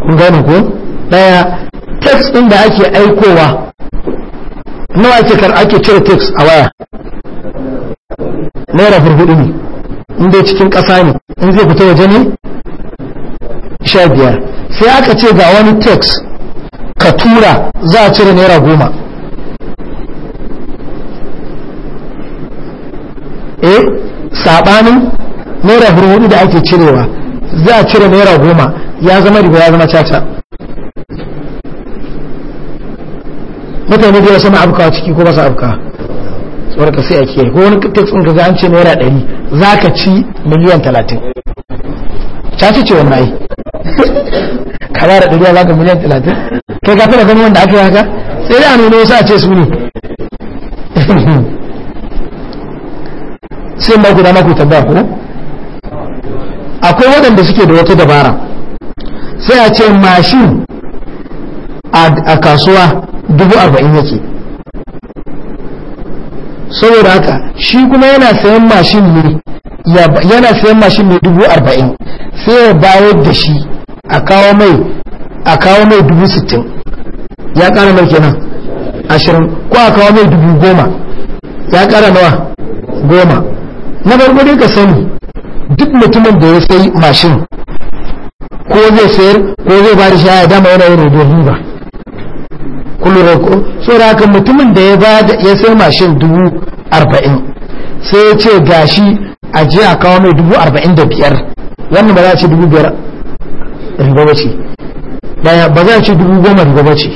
kun gane ko ɗaya tax ɗin da ake aikowa nawa ake kar ake cire tax a waya naira furfudu ne in dai cikin ƙasa ne in zai fita waje ne sha biyar sai aka ce ga wani tax ka tura za a cire naira goma eh sabanin naira furfudu da ake cirewa za a cire naira goma ya zama riba ya zama caca mutane da suna abuka ciki ko ba su abuka tsoron ka sai a kiyaye ko wani kitsin ka ga an ce naira ɗari za ka ci miliyan talatin ta ci ce wannan ai (laughs) ka ba da ɗari za baka miliyan talatin kai ka fara ganin wanda aka yi haka sai da nuna wasu a ce su ne (laughs) sai ba ku dama ku tambaya ku. akwai waɗanda suke da wata dabara sai a ce mashin a kasuwa dubu arba'in yake saboda haka shi kuma yana sayan mashin ne yana sayan mashin ne dubu arba'in sai ya bayar da shi a kawo mai a kawo mai dubu sittin ya kara mai kenan ashirin ko a kawo mai dubu goma ya kara nawa goma na farko dai ka sani duk mutumin da ya sai mashin ko zai sayar ko zai ba da shaya dama yana yin rodon riba kullura ko saboda haka mutumin da ya bada ya sai mashin dubu arba'in sai ya ce gashi a je a kawo mai dubu arba'in da biyar wannan ba za a ce dubu biyar riba ba ce ba za a ce dubu goma riba ba ce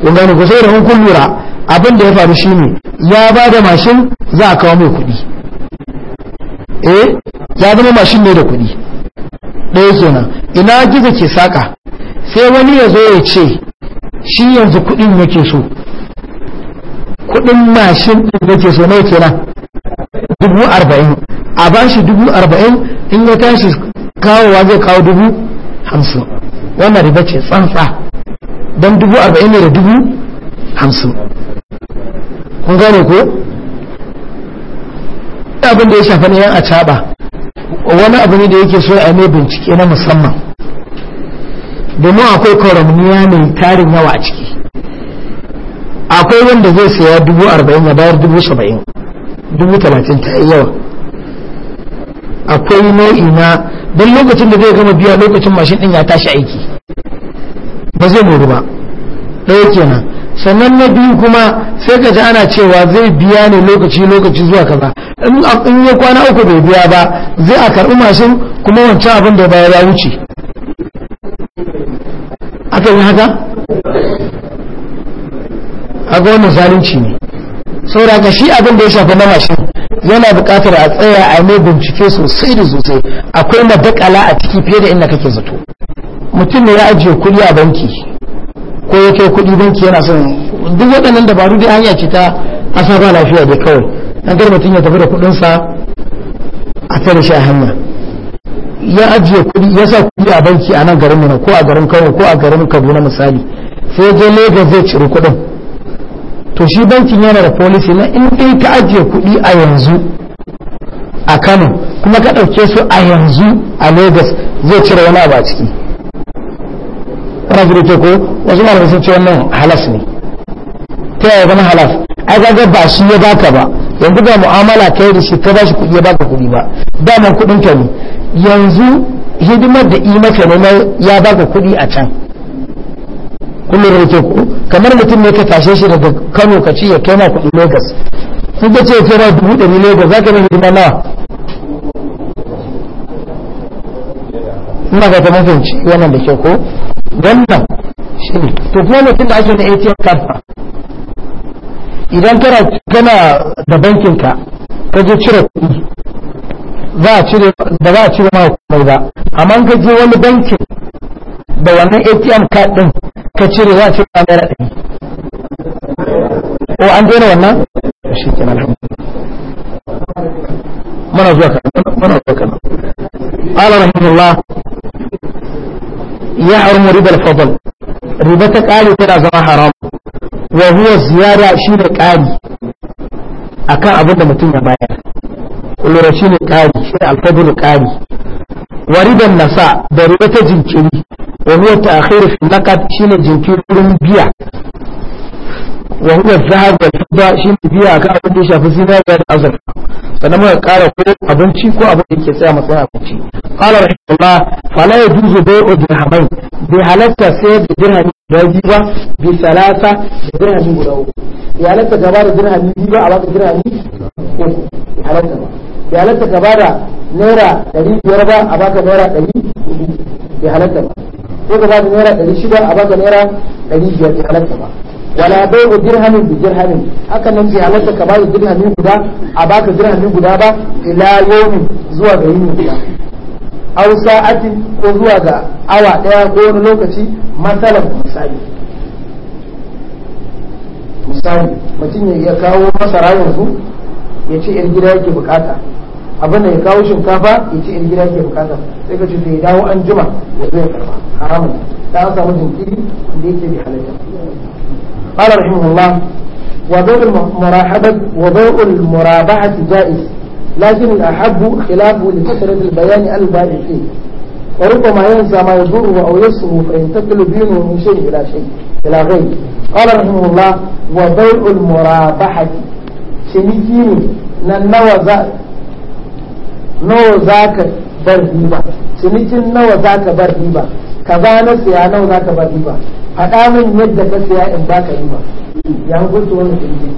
kun ko ku sai da kun kullura abin da ya faru shine ya ba da mashin za a kawo mai kuɗi eh ya zama mashin ne da kuɗi ɗaya kenan ina gizo ke saka sai wani ya zo ya ce shi yanzu kuɗin yake so kuɗin mashin ɗin yake so mai kenan dubu arba'in a ba shi dubu arba'in in ya tashi kawowa zai kawo dubu hamsin wannan riba ce tsantsa don dubu arba'in ne da dubu hamsin kun gane ko abin da ya shafa ne yan a caɓa wani abu ne da yake so a mai bincike na musamman domin akwai kwaramniya mai tarin yawa a ciki akwai wanda zai saya dubu arba'in ya bayar dubu saba'in dubu talatin ta yawa akwai nau'i na don lokacin da zai gama biya lokacin mashin din ya tashi aiki ba zai moru ba ɗaya kenan sannan na biyu kuma sai ka ji ana cewa zai biya ne lokaci lokaci zuwa kaza in ya kwana uku bai biya ba zai a karɓi mashin kuma wancan abin da baya ya wuce aka yi haka a ga zalunci ne saboda shi abin da ya shafi na mashin yana bukatar a tsaya a mai bincike sosai da sosai akwai na madakala a ciki fiye da inda kake zato mutum ne ya ajiye kuɗi a banki ko ya kai kuɗi banki yana son duk waɗannan dabaru da hanya ce ta asa ba lafiya da kawai an gar mutum ya tafi da kuɗinsa a tare shi a hanya ya ajiye kuɗi ya sa kuɗi a banki a nan garin ko a garin Kano ko a garin Kaduna misali sai je Lagos zai ciri kuɗin to shi bankin yana da policy na in kai ka ajiye kuɗi a yanzu a Kano kuma ka ɗauke su a yanzu a Legas zai cire wani abu a ciki. Kana ko wasu malamai sun ce wannan halas ne. ta yi zama halas ai ga ba shi ya baka ba yanzu ga mu'amala kai da shi ka bashi kuɗi ya baka kuɗi ba daman kuɗin ka ne yanzu hidimar da ka ne ya baka kuɗi a can kullum da ku kamar mutum ne ka tashe shi daga Kano ka ci ya kai ma kuɗi Lagos sun ka ce ya kai ma dubu ɗari Lagos za ka ne hidima na. ina ga ta mafinci wannan da ke ko wannan to kuma lokacin da ake na ATM card idan kana gana da bankinka ka je cire kuɗi za a cire da za a cire ma komai ba amma ka je wani bankin da wannan ATM card din ka cire za a cire ma naira ɗari ko an daina wannan shi kenan alhamdulillah muna zuwa kana muna zuwa kana qala rahimahullah يحرم ربا الفضل riba ta ƙari tana zama haram wa huwa ziyara shi da ƙari akan abin da mutum ya bayar kullura shi ne ƙari shi da alfadul ƙari wa riban nasa da riba ta jinkiri wa huwa ta akhiru fi naqad shi ne jinkirin biya wa huwa zahab wal fidda shi ne biya akan abin da ya shafi zinariya da azurfa sannan muka ƙara ko abinci ko abin da ke tsaya matsayin abinci qala rahimahullah fala yajuzu bai'u dirhamain bai halatta sai da dirhami guda biyu ba bi salasa da dirhami guda uku bai halatta gaba da dirhami biyu ba a baka dirhami uku bai halatta ba bai halatta gaba da naira ɗari biyar ba a baka naira ɗari bai ba ko naira ɗari shida a naira ɗari biyar ba wala haka nan bai halatta ka a guda ba zuwa aw sa'atin ko zuwa ga awa daya ko wani lokaci masalan misali misali mutum ya kawo masara yanzu ya ce yar gida yake bukata abin da ya kawo shinkafa ya ce yar gida yake bukata sai ka ce sai dawo an jima ya zo ya karba haramun ta an samu jinkiri da yake bi halatta قال رحمه الله وضوء المراحبة وضوء المرابحة جائز لكن الأحب خلافه لكثرة البيان عن البارع فيه وربما ينسى ما يضره أو يسره فينتقل بينه من شيء إلى شيء إلى غير قال رحمه الله وبيع المرابحة شنيكيني نوزا نوزاك برهيبة شنيكين نوزاك برهيبة kaza na siya nawa za ka ba riba faɗa min yadda ka siya in ba ka riba ya hukunta wannan jirgin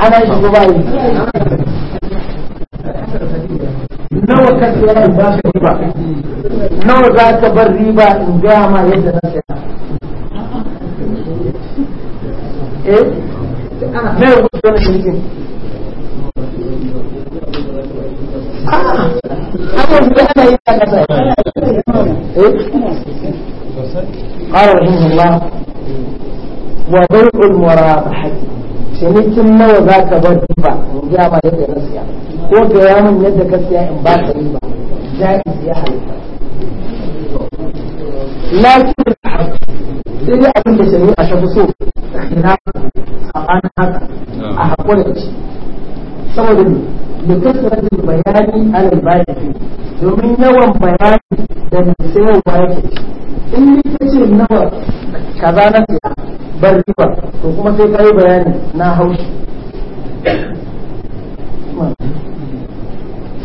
على الجبال نوع كثيرا باش الربا ذات بالربا إن جاء ما يد نسيها إيه؟ ما يقول لنا شيء آه أنا بدأنا إلى كثير إيه؟ قال رحمه الله وبيع المرابحة cinikin nawa za ka bar riba in gaya ma yadda na siya ko da ya mun yadda ka siya in ba ka riba jaiz ya halitta lakin sai dai abin da shari'a ta fi so ina a haka a haƙura da saboda ne da kasar bayani alal bayani domin yawan bayani da mai sayarwa yake in yi ta ce nawa ka za na siya bar riba to kuma sai kayi bayani na haushi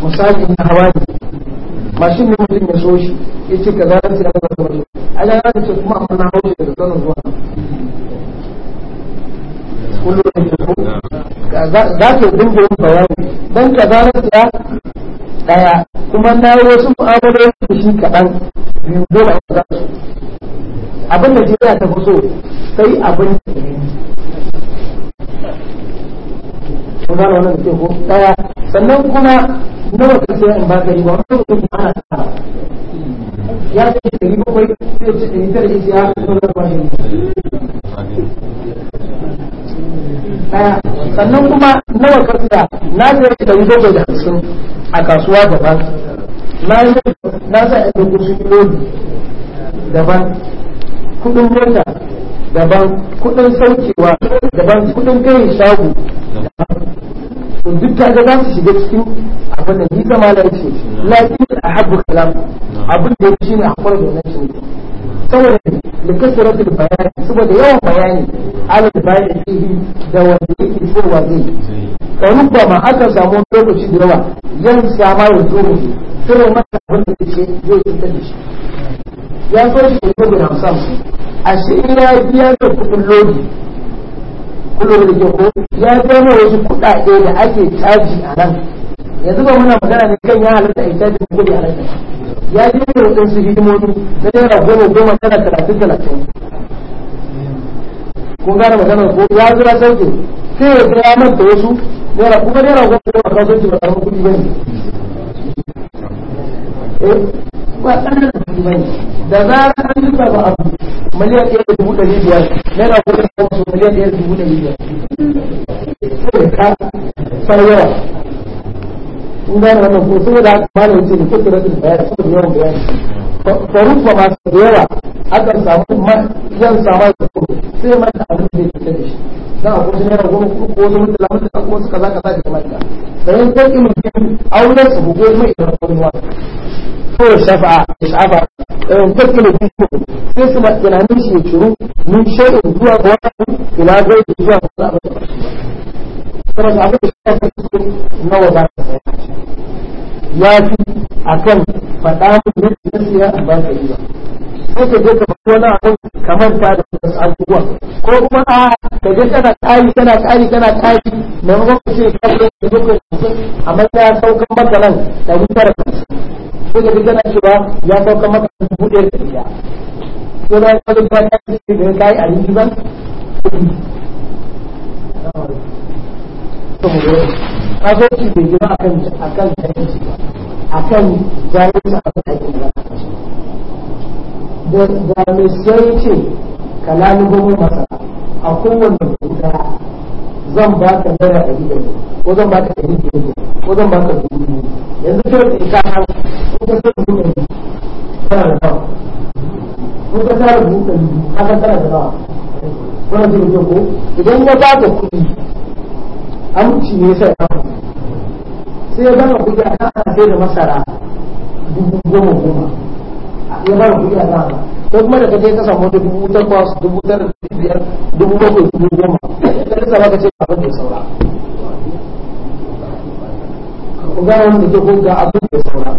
misali na hawa ne mashin ne mutum ya so shi ya ce za na siya bar riba a na ce kuma amma na haushi daga zanen zuwa kullum za ta dinga yin bayani dan ka zara ya daya kuma na yi wasu mu'amalolin da shi kaɗan biyu goma a za su abin da jiya ta fi so sai abin da ne kun gano wannan ke ko daya sannan kuma nawa ka sai in ba ka riba wannan mutum kuma ana ta. ya ce yi bakwai sai ce yi tara ya shi ya kuma ba shi sannan kuma nawa ka siya na siya ɗari bakwai da hamsin a kasuwa daban na yi na sa a ɗauko su lodi daban kuɗin mota daban kuɗin saukewa daban kuɗin kayan shago duk kaga za su shiga cikin abin da ni zama da yake lafiya a habu kalam abin da ya shi ne a kwarar da wannan shi saboda da kasar da bayani saboda yawan bayani da bayani fihi da wanda yake cewa zai kanu ba ma aka samu lokaci da yawa yan samar da zo mu irin wanda abin da yake zai fitar da shi ya so shi ne guda musamman a shi ya biya da kuɗin lodi kullum da kyau. ko ya biya wasu kuɗaɗe da ake caji a nan yanzu ba muna magana ne kan ya halatta a ita ko bai halatta ya ji ne waɗansu hidimomi na naira goma goma tana talatin talatin ko gane magana ko ya zura sauke sai ya ga ya da wasu naira kuma naira goma goma ka sauke ba karamin kudi ba ne eh, ba ƙananan kuɗi ba ne da zarar an yi ba abu miliyan ɗaya da dubu ɗari biyar naira goma goma miliyan ɗaya da dubu ɗari biyar yawa kun gane wannan ko saboda haka malam ce da kake rabin bayani saboda yawan bayani farufa masu da yawa akan samu man zan samu da kuma sai man da abin da yake da shi dan a kusa yana goma ko ko wasu mutala mutala ko wasu kaza kaza da manta da yan kai ilmi auren su ko mai da kuma ko shafa'a shafa'a in tattala biyu sai su tunanin shi ya ciru mun shaidu zuwa ga wani ila gaida zuwa ga wani abin da shi ne na wadata ya fi akan faɗa da gaskiya ta a ba ka yi ba sai ka je ka faɗi wani abu kamar ta da wasu abubuwa ko kuma a ka je kana tsari kana tsari kana tsari maimakon ka ce ka ce ka zo ka amma ya saukan maka nan da wutar sai ka je kana cewa ya saukan maka nan dubu ɗaya da ɗaya. Sai na yi kwalin ba ta ce ka yi a yi ba kasuwanci bai gina akan akan jahilci ba akan jahilci akan aikin ba da mai sai ce kalamin gobe masa a kowane guda zan ba ka naira ɗari ɗari ko zan ba ka ɗari ɗari ko zan ba ka dubu yanzu kawai ɗin ka hau ko ka sa dubu ɗari kana da nawa ko ka sa dubu ko idan ya ba ka kuɗi aminci ne sai ya kama sai ya gama kuɗi a kan sai da masara dubu goma goma ya gama kuɗi a kan ko kuma da kaje ka samu da dubu takwas dubu tara dubu biyar dubu bakwai dubu goma ka rasa ba ka ce abin da saura ku gane wanda ke ko ga abin da saura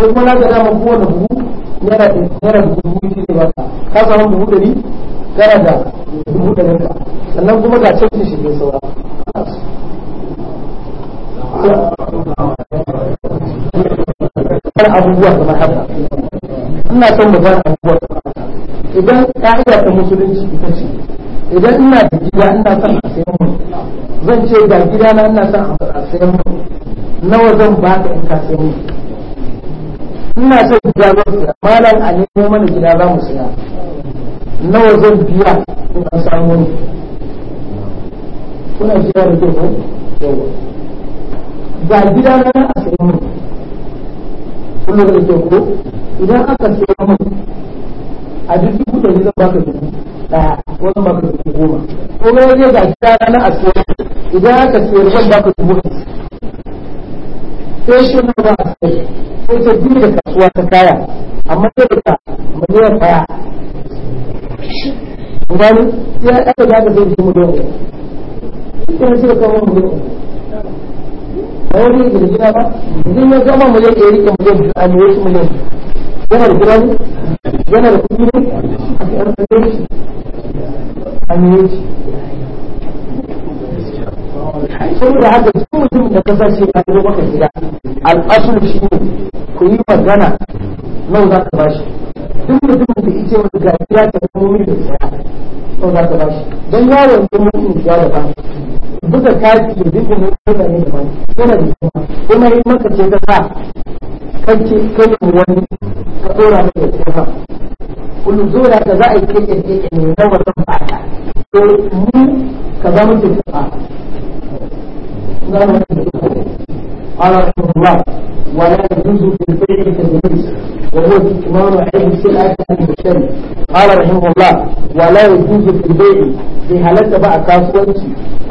ko kuma na ga dama kowane buhu yana da yana da dubu biyu ne baka ka samu dubu ɗari kana da dubu ɗarin ka sannan kuma ga cikin shi ne saura kan abubuwa kamar haka ina son da san abubuwa idan ka'ida ta musulunci ita ce idan ina da gida ina son a sayan mu zan ce ga gida na ina son a sayan mu nawa zan ba ka in ka sayan mu ina son gida zan siya malam a nemo mana gida za mu siya nawa zan biya in an samu kuna jira da kyau ko yawa ga gida na a sayi mun kuma da ke ko idan aka sayi mun a duk dubu da zan baka dubu daya wannan baka dubu goma kuma yanzu ga gida na a sayi idan aka sayi zan baka dubu sai shi na ba a sayi sai ta biyu da kasuwa ta kaya amma sai da ta miliyan daya gani ya aka zaga zai ji mu dole sai sai kawo mu dole ba wani da ba idan ya zama miliyan ɗaya rike miliyan biyu a miliyan yana da gida yana da kuɗi ne a ga shi a miliyan shi saboda haka su mutum da kasa ce a zo maka gida al'asul shi ne ku yi magana nau za ka bashi duk mutumin da ita wani gajiya ta kuma da tsaya nau za ka bashi don yawon kuma mutum ya da ba buga kati da duk wani mutane da mani yana da kuma kuma yi maka ce ta sa kanci kai wani ka tsora mai da kuma kullum zuwa da ka za a yi keken keken ne na wannan fata to mu ka zama da kuma zama da kuma ala rahmatullah ولا يجوز في البيع تدريس وهو استثمار عين السلعة المشتري قال رحمه الله ولا يجوز في البيع في هلة بقى كاسوانتي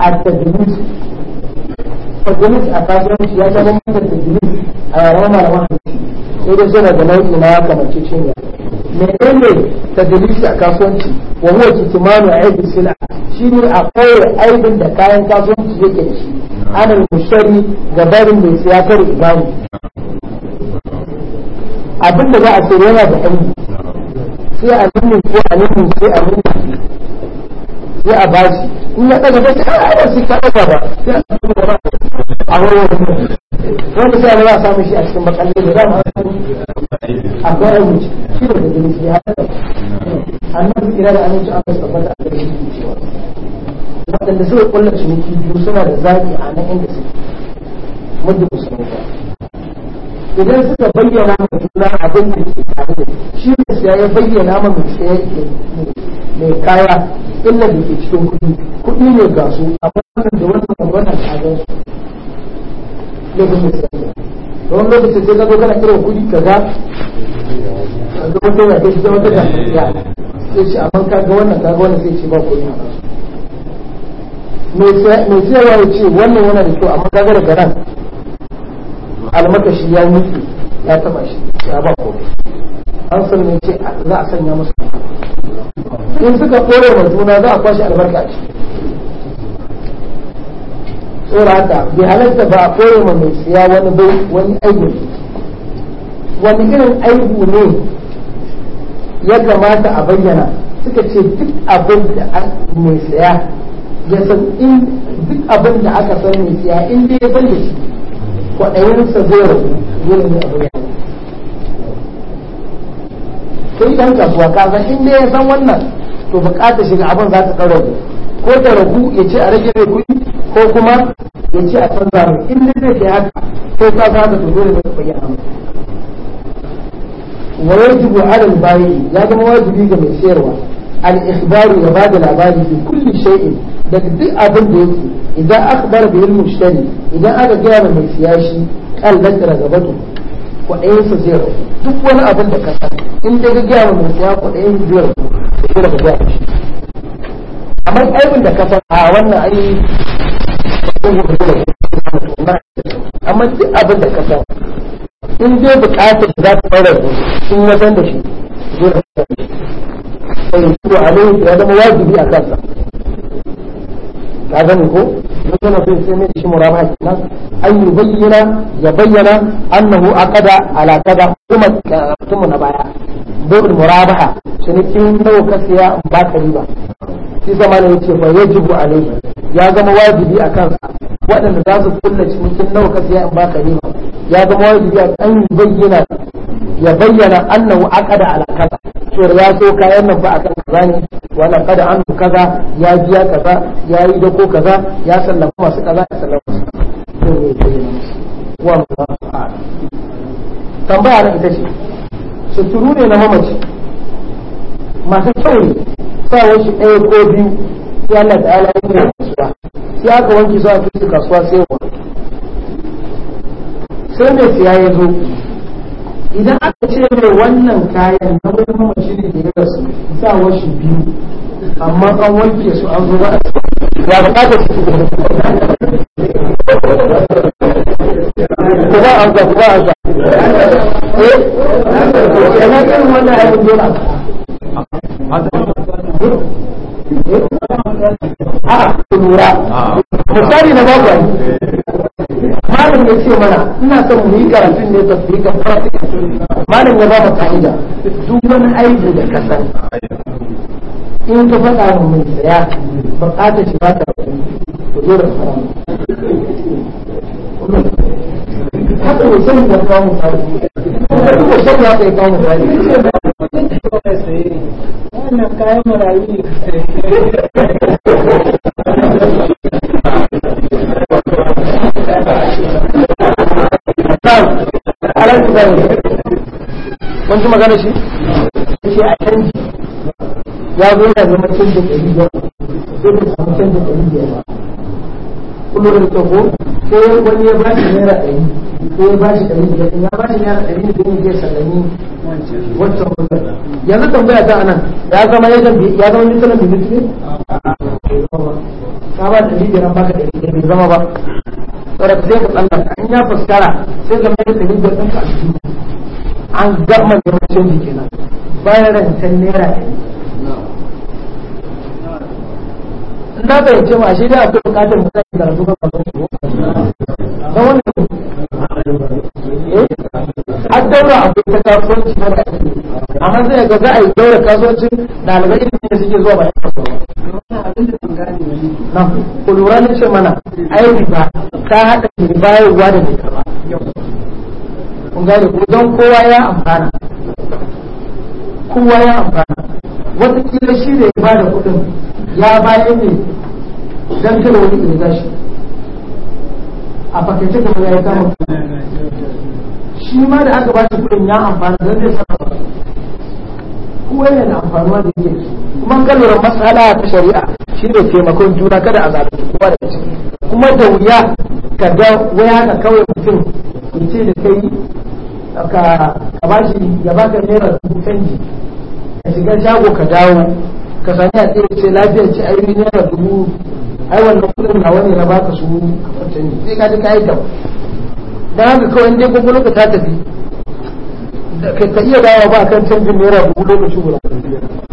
التدريس تدريس أكاسوانتي يا تمام التدريس على رمى لواحد sai da suna da nau'i na kamance ce ne menene tadlisi a kasuwanci wa huwa kitmanu aibi sila shine a kawai da kayan kasuwanci yake da shi ana mushtari ga barin mai siya kar ibamu abin da za a ce yana da aiki sai a nuna ko a nuna sai a nuna sai a ba shi in ya daga ba sai a ba shi ka daga ba sai a nuna ba a wurin wanda sai a samu shi a cikin makalle da za mu samu a gwara mu shi da gani shi ya hada annabi kira da annabi an tabbata a gare shi cewa waɗanda suka kullace ciniki biyu suna da zaɓi a nan inda suke muddin musulmi idan suka bayyana mu juna abin da ke tare da shi ne sai ya bayyana mu mai sayar mai kaya illa da ke cikin kuɗi kuɗi ne ga su amma wannan da wannan wannan tsadar su ne kuma sayar da wani lokacin sai ta zo kana kira kuɗi ka ga a ga wata yana da ita wata da ya sai ce amma ka ga wannan ka ga wannan sai ce ba kudi a kasu mai sayarwa ya ce wannan yana da kyau amma ka ga almakashi ya mutu ya taba shi ya ba komai an san ne ce za a sanya musu in suka kore wa juna za a kwashe albarka ce tsora haka bai halatta ba a kore ma mai siya wani bai wani aibu wani irin aibu ne ya kamata a bayyana suka ce duk abin da mai siya ya san in duk abin da aka san mai siya in dai ya bayyana shi kwaɗayinsa zai rasu dole ne abu ya sai ɗan kasuwa ka san in ya san wannan to bukatar shiga abin za ta ɗaura ko ta ragu ya ce a rage mai kuɗi ko kuma ya ce a canza mai in zai kai haka ko ka san haka to dole ne ka bayyana mai wa yajibu ala bayi ya zama wajibi ga mai sayarwa al-ikhbaru ya bada labari fi kulli shay'in daga duk abin da yake idan akbar bi al idan aka gaya da mai siyashi kallan da ragabatu kwaɗayensa zai rabu duk wani abin da ka san in dai ka gaya da mai siya kwaɗayen zai rabu sai da ka gaya shi amma aibin da ka san a wannan ai amma duk abin da ka san in dai buƙatar da za ta ɗaura su in san da shi zai rabu da shi sai ya zama wajibi a kansa ka gani ko mutum sai sai mai shi murabaha kenan an yi bayyana ya bayyana annahu aqada ala alakada kuma mutum na baya bu'ul murabaha cinikin nawa ka siya ba ka riba shi zamanin yace fa yajibu alaihi ya zama wajibi a kansa waɗanda za su kulle cikin nawa ka in baka nima ya zama wajibi a kan bayyana ya bayyana annahu aqada ala kaza to ya so kayan nan ba akan kaza ne wala qada an kaza ya biya kaza ya yi da ko kaza ya sallama masu kaza ya sallama masu to ne tambaya na ita ce suturu ne na mamaci masu kyau ne sa shi ɗaya ko biyu sai Allah ta'ala ya sai aka wanke su a kai kasuwa sai wa sai mai siya ya zo idan aka ce mai wannan kayan na wani mamaci ne da ya rasu sa shi biyu amma an wanke su an zo ba a ya bukata su ku ba a ku ba a lura. misali na babu ne. malam ya ce mana ina son mu yi karatun ne tasbiqan fara malam ya ba mu ka'ida duk wani aiki da ka san in ka faɗa mu mai tsaya ta shi ba ta ku zo da haramu haka wasan ya kawo mu kawo mu kayan marayu ne (laughs) kun ji magana shi shi a canji ya zo yana zama canjin ɗari biyar sai samu ɗari biyar ba kullum da ta ko wani ya naira ɗari ko ya ɗari biyar ya naira ɗari ne don ya sallami wancan wancan yanzu tambaya ta anan ya zama ya zama ya zama ya zama ya zama ya zama ya zama ya da ya zama ba saboda sai ka tsallaka in ya fuskara sai zama mai da bibiyar ɗanka a cikin an gama bayan rancen naira ɗari na fahimce ma shi dai akwai bukatar mu sai karatu ga ba ga wani eh addaura akwai ta kasuwanci na ba amma zai ga za a yi daura kasuwancin dalibai ilimin da suke zuwa bayan ba na ku lura na ce mana ai riba ta haɗa mai bayarwa da mai karɓa kun gane ko don kowa ya amfana kowa ya amfana kila shi da ya bada kudin ya bayan ne don kira wani ya gashi a fakaice kamar ya kama shi ma da aka ba shi kudin ya amfana don zai sama kowa na amfanuwa da yake kuma kalurar matsala ta shari'a shi ne taimakon juna kada a zaɓi kowa da ciki kuma da wuya ka ga waya ka kawai mutum ce da kai ka bashi ya baka naira dubu canji ka shiga shago ka dawo ka sami a tsaye ce lafiya ce ai naira dubu ai wannan kudin na wani na baka su kamar canji sai ka ji ka yi gaba dan haka kawai dai kuma lokaci ta tafi ka iya dawo ba kan canjin naira dubu lokaci guda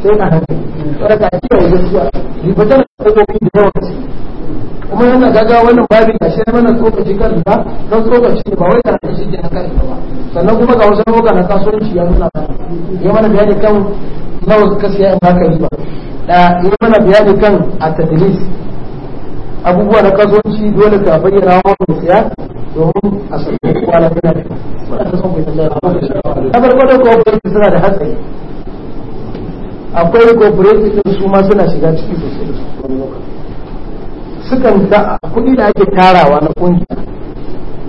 sai na hankali saboda ka kiyaye gaskiya riba tana da kokofi da yawa ce. kuma yana gaga wannan babi a shi mana tsokaci kan ba don tsokaci ba wai kana shi ke na kai ba sannan kuma ga wasu roga na kasuwanci ya nuna ba ya mana bayani kan nawa ka siya in baka ba da ya mana bayani kan a tadris abubuwa na kasuwanci dole ka bayyana wa mai siya domin a sauke kowa na gina na farko da cooperative suna da hatsari akwai ne su ma suna shiga ciki sosai da su wani lokaci sukan da kuɗi da ake tarawa na ƙungiya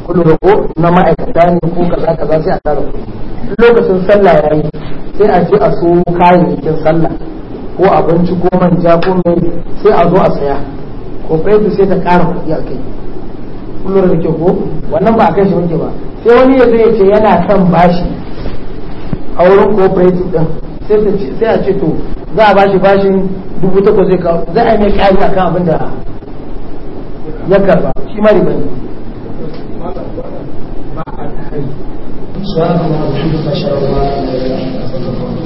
kullum ko na ma'aikata ne ko kaza kaza sai a tara kuɗi lokacin sallah ya yi sai a je a so kayayyakin sallah ko abinci ko manja ko mai sai a zo a saya ko fetu sai ta ƙara kuɗi a kai kullum da ke ko wannan ba a kai shi wanke ba sai wani ya zai ya ce yana kan bashi a wurin cooperative ɗin sai a ce to za a bashi bashin dubu takwas zai kawo za a yi mai ƙari kan abin da ya karba shi ma riba ne ba a ba